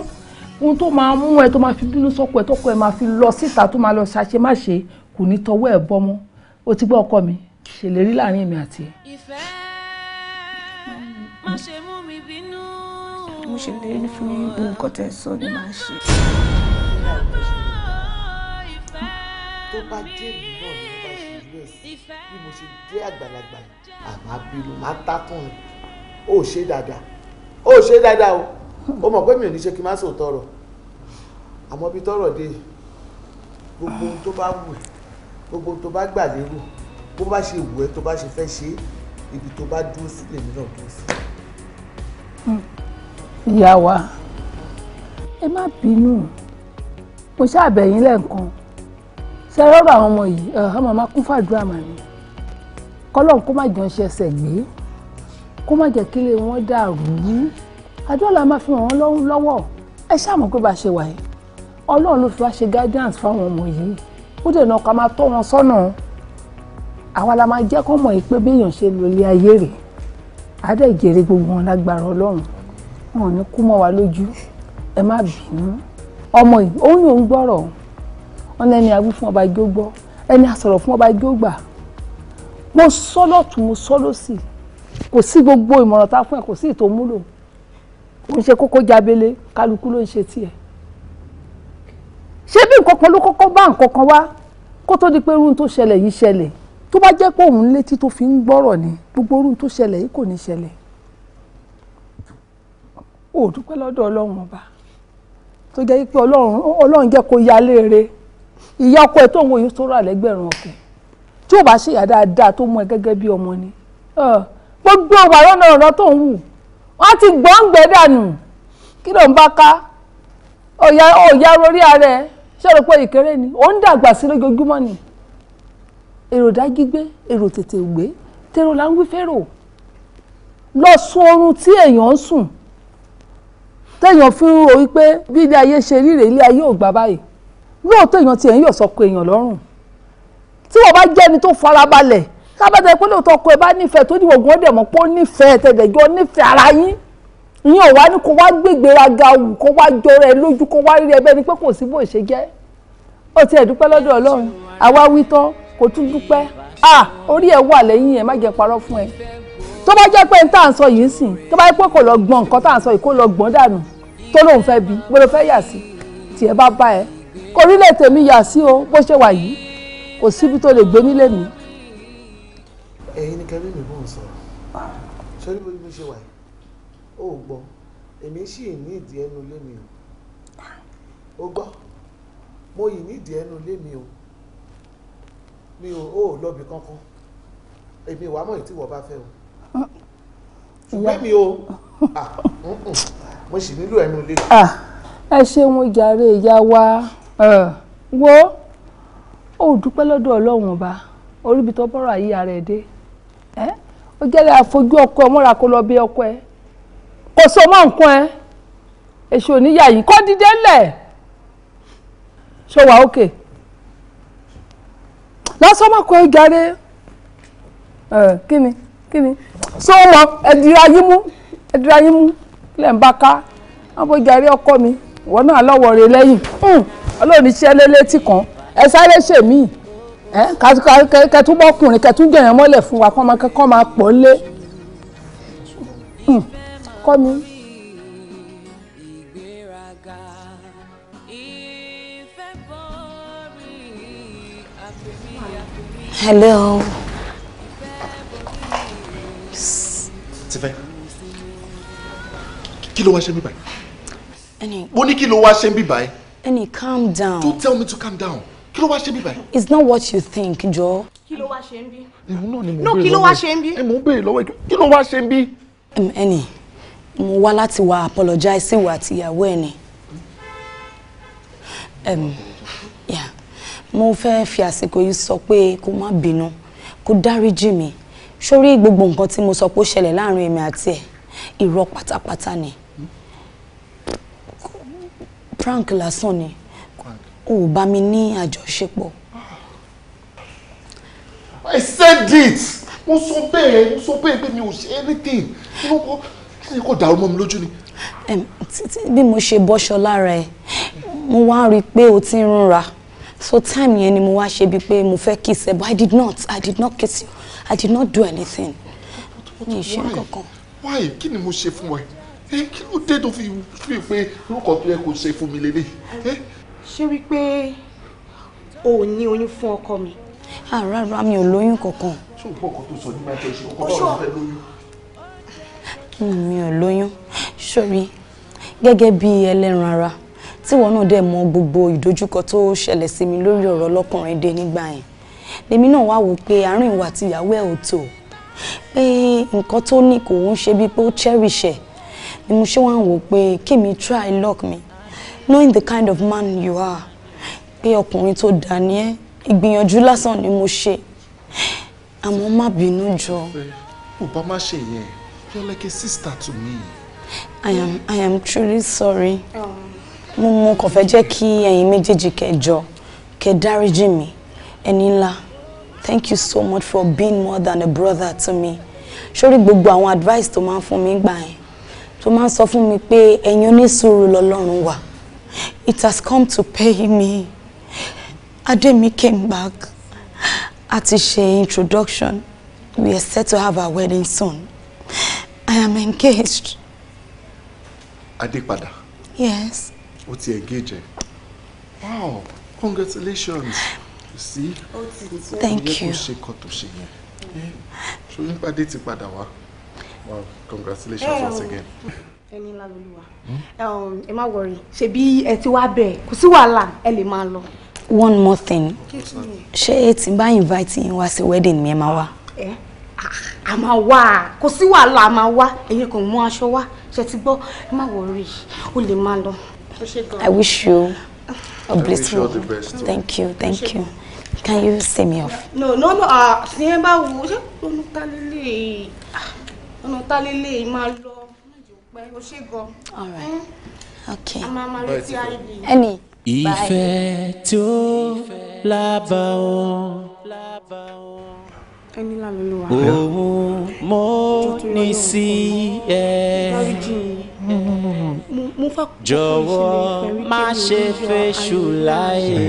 Speaker 6: ohun tó máa mú ẹ tó máa fi bínú sọ́kọ ẹ tọ́kọ ẹ máa fi lọ síta tó máa lọ ṣàṣe má kò ní tọwọ́ ẹ bọ́ mọ́ o ti gbọ́ ọkọ mi ṣèlérí láàrin èmi àti ẹ. ìfẹ́ má ṣe
Speaker 2: mo ṣe lérí fún yín nǹkan tẹ́ sọ ni màá
Speaker 5: ṣe.
Speaker 7: tó bá dé èmi náà ni wọ́n bá ṣe irú ẹ̀ bí mo ṣe dé àgbàlagbà yìí àmọ́ abínú máa tákùn ni ó ṣe dáadáa ó ṣe dáadáa o ó mọ̀ pé mi ò ní ṣe kí n má sòótọ́ ọ̀rọ̀ àmọ́ bí tọ́rọ̀ dé gbogbo ohun tó bá wù ẹ́ gbogbo ohun tó bá gbà lérò bó bá ṣe wù ẹ́ tó bá ṣe fẹ́ ṣe é ibi tó bá dúró sí lèmi dúró sí.
Speaker 6: Hmm ìyá wa ẹ má bínú mo ṣàbẹ̀yìn lẹ́ẹ̀kan ṣe rọ́rọ̀ àwọn ọmọ yìí ọmọ máa kún fàdúrà mà ní kọ́lọ́n kó má jẹun ṣẹṣẹ̀ gbé kó má jẹ́ kí ilé wọn dàrú àdúrà la máa fi ràn wọ́n lọ́wọ́ ẹ ṣàmọ̀ pé bá a ṣe wà yìí ọlọ́run ló fi wá ṣe guidance fáwọn ọmọ yìí ó dènà ká máa tọ́ wọn sọ́nà àwa la máa jẹ́ kọ́ mọ̀ yìí pé béèyàn ṣe lò ilé ayé rẹ̀ á dẹ̀ jèrè gbogbo wọn lágbára ọlọ́run wọn ò ní kú mọ́ wa lójú ẹ má bínú ọmọ yìí òun ni òun gbọ́rọ̀ wọn lẹ́ni agbó fún ọba igi ó gbọ́ ẹni àsọ̀rọ̀ fún ọba igi ó gbà mo sọ lọ́tún mo sọ lọ́sì kò sí gbogbo ìmọ̀ràn tá a fún ẹ kò sí ìtò múlò kò ṣe kókó jábélé kálukú ló ń ṣe tiẹ̀ ṣé bí nǹkan kan ló kọ́kọ́ bá nǹkan kan wá kó tó di pé irun tó ṣẹlẹ̀ yìí ṣẹlẹ̀ tó bá jẹ́ pé òun létí tó fi ń gbọ́rọ̀ ni gbogbo irun tó ṣẹlẹ̀ yìí kò ní ṣẹlẹ̀ ó dúpẹ́ lọ́dọ̀ ọlọ́run ọba tó jẹ́ pé ọlọ́run ọlọ́run jẹ́ kó ya léere ìyá ọkọ ẹ̀ tó ń wo yìí tó rà lẹ́gbẹ̀rún ọ̀kẹ́ tí ò bá ṣe ìyá dáadáa tó mú ẹ gẹ́gẹ́ bí ọmọ ni gbogbo ọ̀wà lọ́nà ọ̀rọ̀ tó ń wù wọ́n ti gbọ́ǹgbẹ́ dànù kí ló ń bá ká ọ̀yà ọ̀yà orí ara ṣé o rò pé ìkéré ni ó ń dàgbà sí lójoojúmọ́ ni èrò dágígbé èrò tètè gbé tèrò là ń wí fẹ́rò lọ sun oorun tí èèyàn ń sùn téèyàn fi ń ro wípé bí ilé ayé ṣe ríre ilé ayé ò gbà báyìí lóòótọ́ èèyàn tiẹ̀ ń yọ̀ sọ́kọ èèyàn lọ́rùn tí wọ́n bá jẹ́ ẹni tó farabalẹ̀ kábàtà pé lóòótọ́ ọkọ ẹ bá nífẹ̀ẹ́ tó níwọ̀n gan dẹ̀mọ́ pé ó nífẹ̀ẹ́ tẹ̀dẹ̀jọ́ nífẹ̀ẹ́ ara yín ìyẹn ò wá ní kó wá gbégbéraga wù kó wá jọra ẹ lójú kó wá rí ẹ bẹ́ẹ̀ ni pé kò sí bó ṣe jẹ́ ó tiẹ̀ dúpẹ́ lọ́dọ̀ ọlọ́run àwa wí tán kò tún dúpẹ́ ah orí ẹ wà lẹ́yìn ẹ má jẹ́ parọ́ fún ẹ tó bá jẹ́ pé n tá à ń sọ yìí sìn tó bá yẹ pé kò lọ gbọ́n nǹkan tá à ń sọ yìí kó lọ gbọ́n dànù tó lóun fẹ́ bí bó ló fẹ́ yà sí tiẹ̀ bá bá ẹ kò rí lè tèmi yà sí o bó ṣe wà yìí kò síbi tó lè gbé mí lè mí.
Speaker 7: ẹ̀yin ni kẹrin mi bò ń sọ̀rọ̀ sórí bí mo ṣe wà yìí ó gbọ́ èmi sì ní ìdí ẹnu lé mi o ó gbọ́ mo yìí ní ìdí ẹnu lé mi o mi ò ó lọ́bì kankan èmi ìwà mọ̀ èyí tí wọ́n bá fẹ́ o mm. ṣùgbọ́n mi o mo sì nílò ẹnu ilé.
Speaker 6: ẹ ṣeun jàre ìyá wa wo ó dúpẹ́ lọ́dọ̀ ọlọ́run ọba oríbi tó bọ́rọ̀ ayé ara ẹ̀ dé ó jẹ́rẹ́ àfojú ọkọ ẹ̀ mọ́ra kó lọ bí ọkọ ẹ̀ kò so mọ́ nǹkan ẹ̀ èso oníyà yìí kọ́ dídé lẹ̀ ṣọ wà ókè lọ́sọ́ má kọ́ ẹ jàre kíni kíni sọ wọn ẹ dira yín mú ẹ dira yín mú lẹ́ ń bá ká wọ́n bó jarí ọkọ mi ìwọ náà lọ́wọ́ rẹ lẹ́yìn hmm, ọlọ́run iṣẹ́ lélẹ́tì kan ẹ sáré ṣèmí kẹtúbọ̀kùnrin kẹtújẹ̀yàn mọ́lẹ̀ fún wa kọ́ máa pọ̀ lé hmm, kọ́ mi.
Speaker 2: Hello.
Speaker 3: Tiffany kí ló wá ṣe ń bíbá
Speaker 2: yìí. mo ní kí ló wá ṣe ń bíbá yìí. ẹnì calm down. don't tell me to calm down kí ló wá ṣe ń bíbá yìí. it's not what you think jọ. kí ló wá ṣe ń bí.
Speaker 3: ìhun náà ni mo béèrè lọ́wọ́ ẹ̀ kí ló
Speaker 2: wá ẹ mò béèrè lọ́wọ́ ẹ kí ló wá ṣe ń bí. ẹnì mo wá láti wá apologize sí ìwà àtìyàwó ẹ ni. mo fẹ́ fi àsìkò yìí sọ pé kó má bínú kó dáríjì mi sórí gbogbo nǹkan tí mo sọ pé ó ṣẹlẹ̀ láàrin èmi àti ẹ̀ irọ́ pátápátá ni prank lásán ni o ò bá mi ní àjọṣepọ̀.
Speaker 3: I said it mo sọ bẹ́ẹ̀ mo
Speaker 2: sọ bẹ́ẹ̀ pé mi ò ṣe anything mo kọ́ kí ni kò dàrú mọ́ mi lójú ni. bí mo ṣe bọ́ṣọ lára ẹ mo wá rí i pé o ti ń rúnra so time yẹn ni mo wá ṣe bíi pé mo fẹ́ kiss ẹ but I did not I did not kiss you I did not do anything.
Speaker 3: mi ì ṣe kankan. why kí ni mo ṣe fún ẹ kí ló dé tó fi fi pé lóko tó yẹ kó ṣe fún mi lélẹ̀.
Speaker 2: ṣé wípé o ò ní oyún fún ọkọ mi. àràrà ah, mi ò lóyún kankan. ṣé o gbọ́ ọkọ tó sọ ní máa tẹ ṣe ọkọ báwo ló fẹ́ lóyún. Hmm, mi ò lóyún sórí gẹ́gẹ́ bí ẹlẹ́ran ara tí wọn náà dẹ̀ mọ gbogbo ìdojúkọ tó ṣẹlẹ̀ sí mi lórí ọ̀rọ̀ ọlọ́kùnrin dé nígbà yẹn lèmi náà wá wò pé àárín ìwà àti ìyàwó ẹ̀ ò tó pé nǹkan tó ní kò ń ṣe bíi pé ó cherish ẹ̀ ni mo ṣe wá ń wò try lock me, knowing the kind of man you are pé ọkùnrin tó dà ní ẹ ìgbìyànjú lásán ni mo ṣe àmọ́ má bínú jọ. ò bá ma ṣe yẹn you're like a sister to me. I am I am truly sorry. Mo mo kàn fẹ́ jẹ́ kí ẹ̀yin méjèèjì kẹjọ kẹ́ dáríjì mi Enila, Thank you so much for being more than a brother to me. Sórí gbogbo àwọn advice to máa ń fún mi gbà yẹn. To man ń sọ fún mi pé ẹ̀yin onísùúrù lọ́lọ́run wà it has come to pay me ademi came back a ti introduction we are set to have our wedding soon i am engaged.
Speaker 3: adepada. yes. o ti engage wow congratulations you see. thank you. o yẹ kó ti padà wá. Wow, congratulations oh, um, once again.
Speaker 2: Ẹni ńlá Ẹ má worry, ṣebí ẹ ti wá bẹ̀, kò sí wàhálà, ẹ lè máa lọ. One more thing. Ṣé tí n bá invite yín wá sí wedding mi ẹ máa wá? a máa wá, kò sí wàhálà a máa wá, ẹ̀yin kò mú aṣọ wá, ṣe ti gbọ́, ẹ má worry, o lè máa lọ. I wish you a blissful. Thank you, thank you. Can you send me off? No, no, no, ṣe ah, é bá wo, ṣé olùkálẹ̀ lè ọ̀nà tálélé máa lọ pẹ́ ṣe gan. Mm.
Speaker 1: okay. a máa máa retí iv. ẹnì bye. ìfẹ́ tí lábà ó
Speaker 2: ẹni lámìlúwa. òun
Speaker 1: mo ní sí ẹ. Mm. jọ̀wọ́ má ṣe fẹ́ṣù láyé.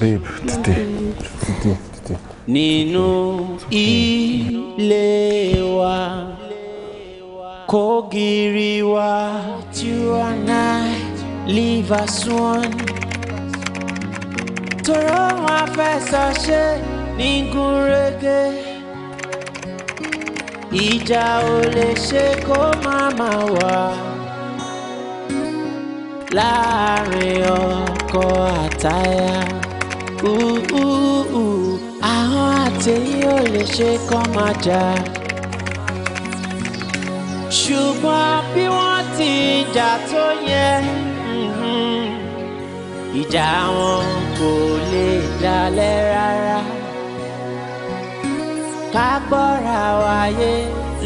Speaker 1: babe tètè tètè tètè. nínú ilé wa. Kogiriwa. Both you and I leave as one. Tọrọ wọn fẹ́ ṣàṣẹ ní gúnrégé. Ìjà ò lè ṣe kó má má wà. Láàárín ọkọ àtaya. Ahọ́n àtẹ̀yìn ò lè ṣe kó má jà ṣùgbọ́n bí wọ́n ti jà tó yẹ mhm, ìjà wọn kò lè dalẹ̀ rárá ká gbọ́ra wáyé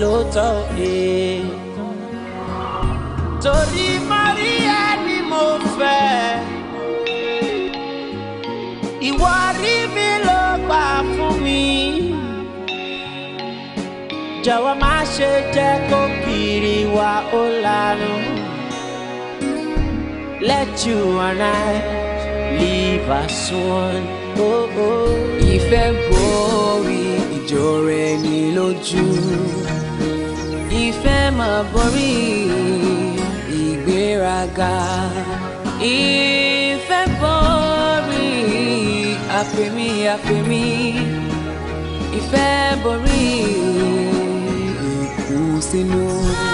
Speaker 1: lóòótọ́ èèyàn e. torí Maria ni mo fẹ́ ìwọ rí jọ̀wọ́ má ṣe kiri wa ó Let you and I leave as one. Oh, oh. Ìfẹ́ borí ìjọra ẹni lójú.
Speaker 9: Ìfẹ́ máa borí ìgbéraga. Ìfẹ́ borí àfẹ́mí àfẹ́mí. Ìfẹ́ borí. destino.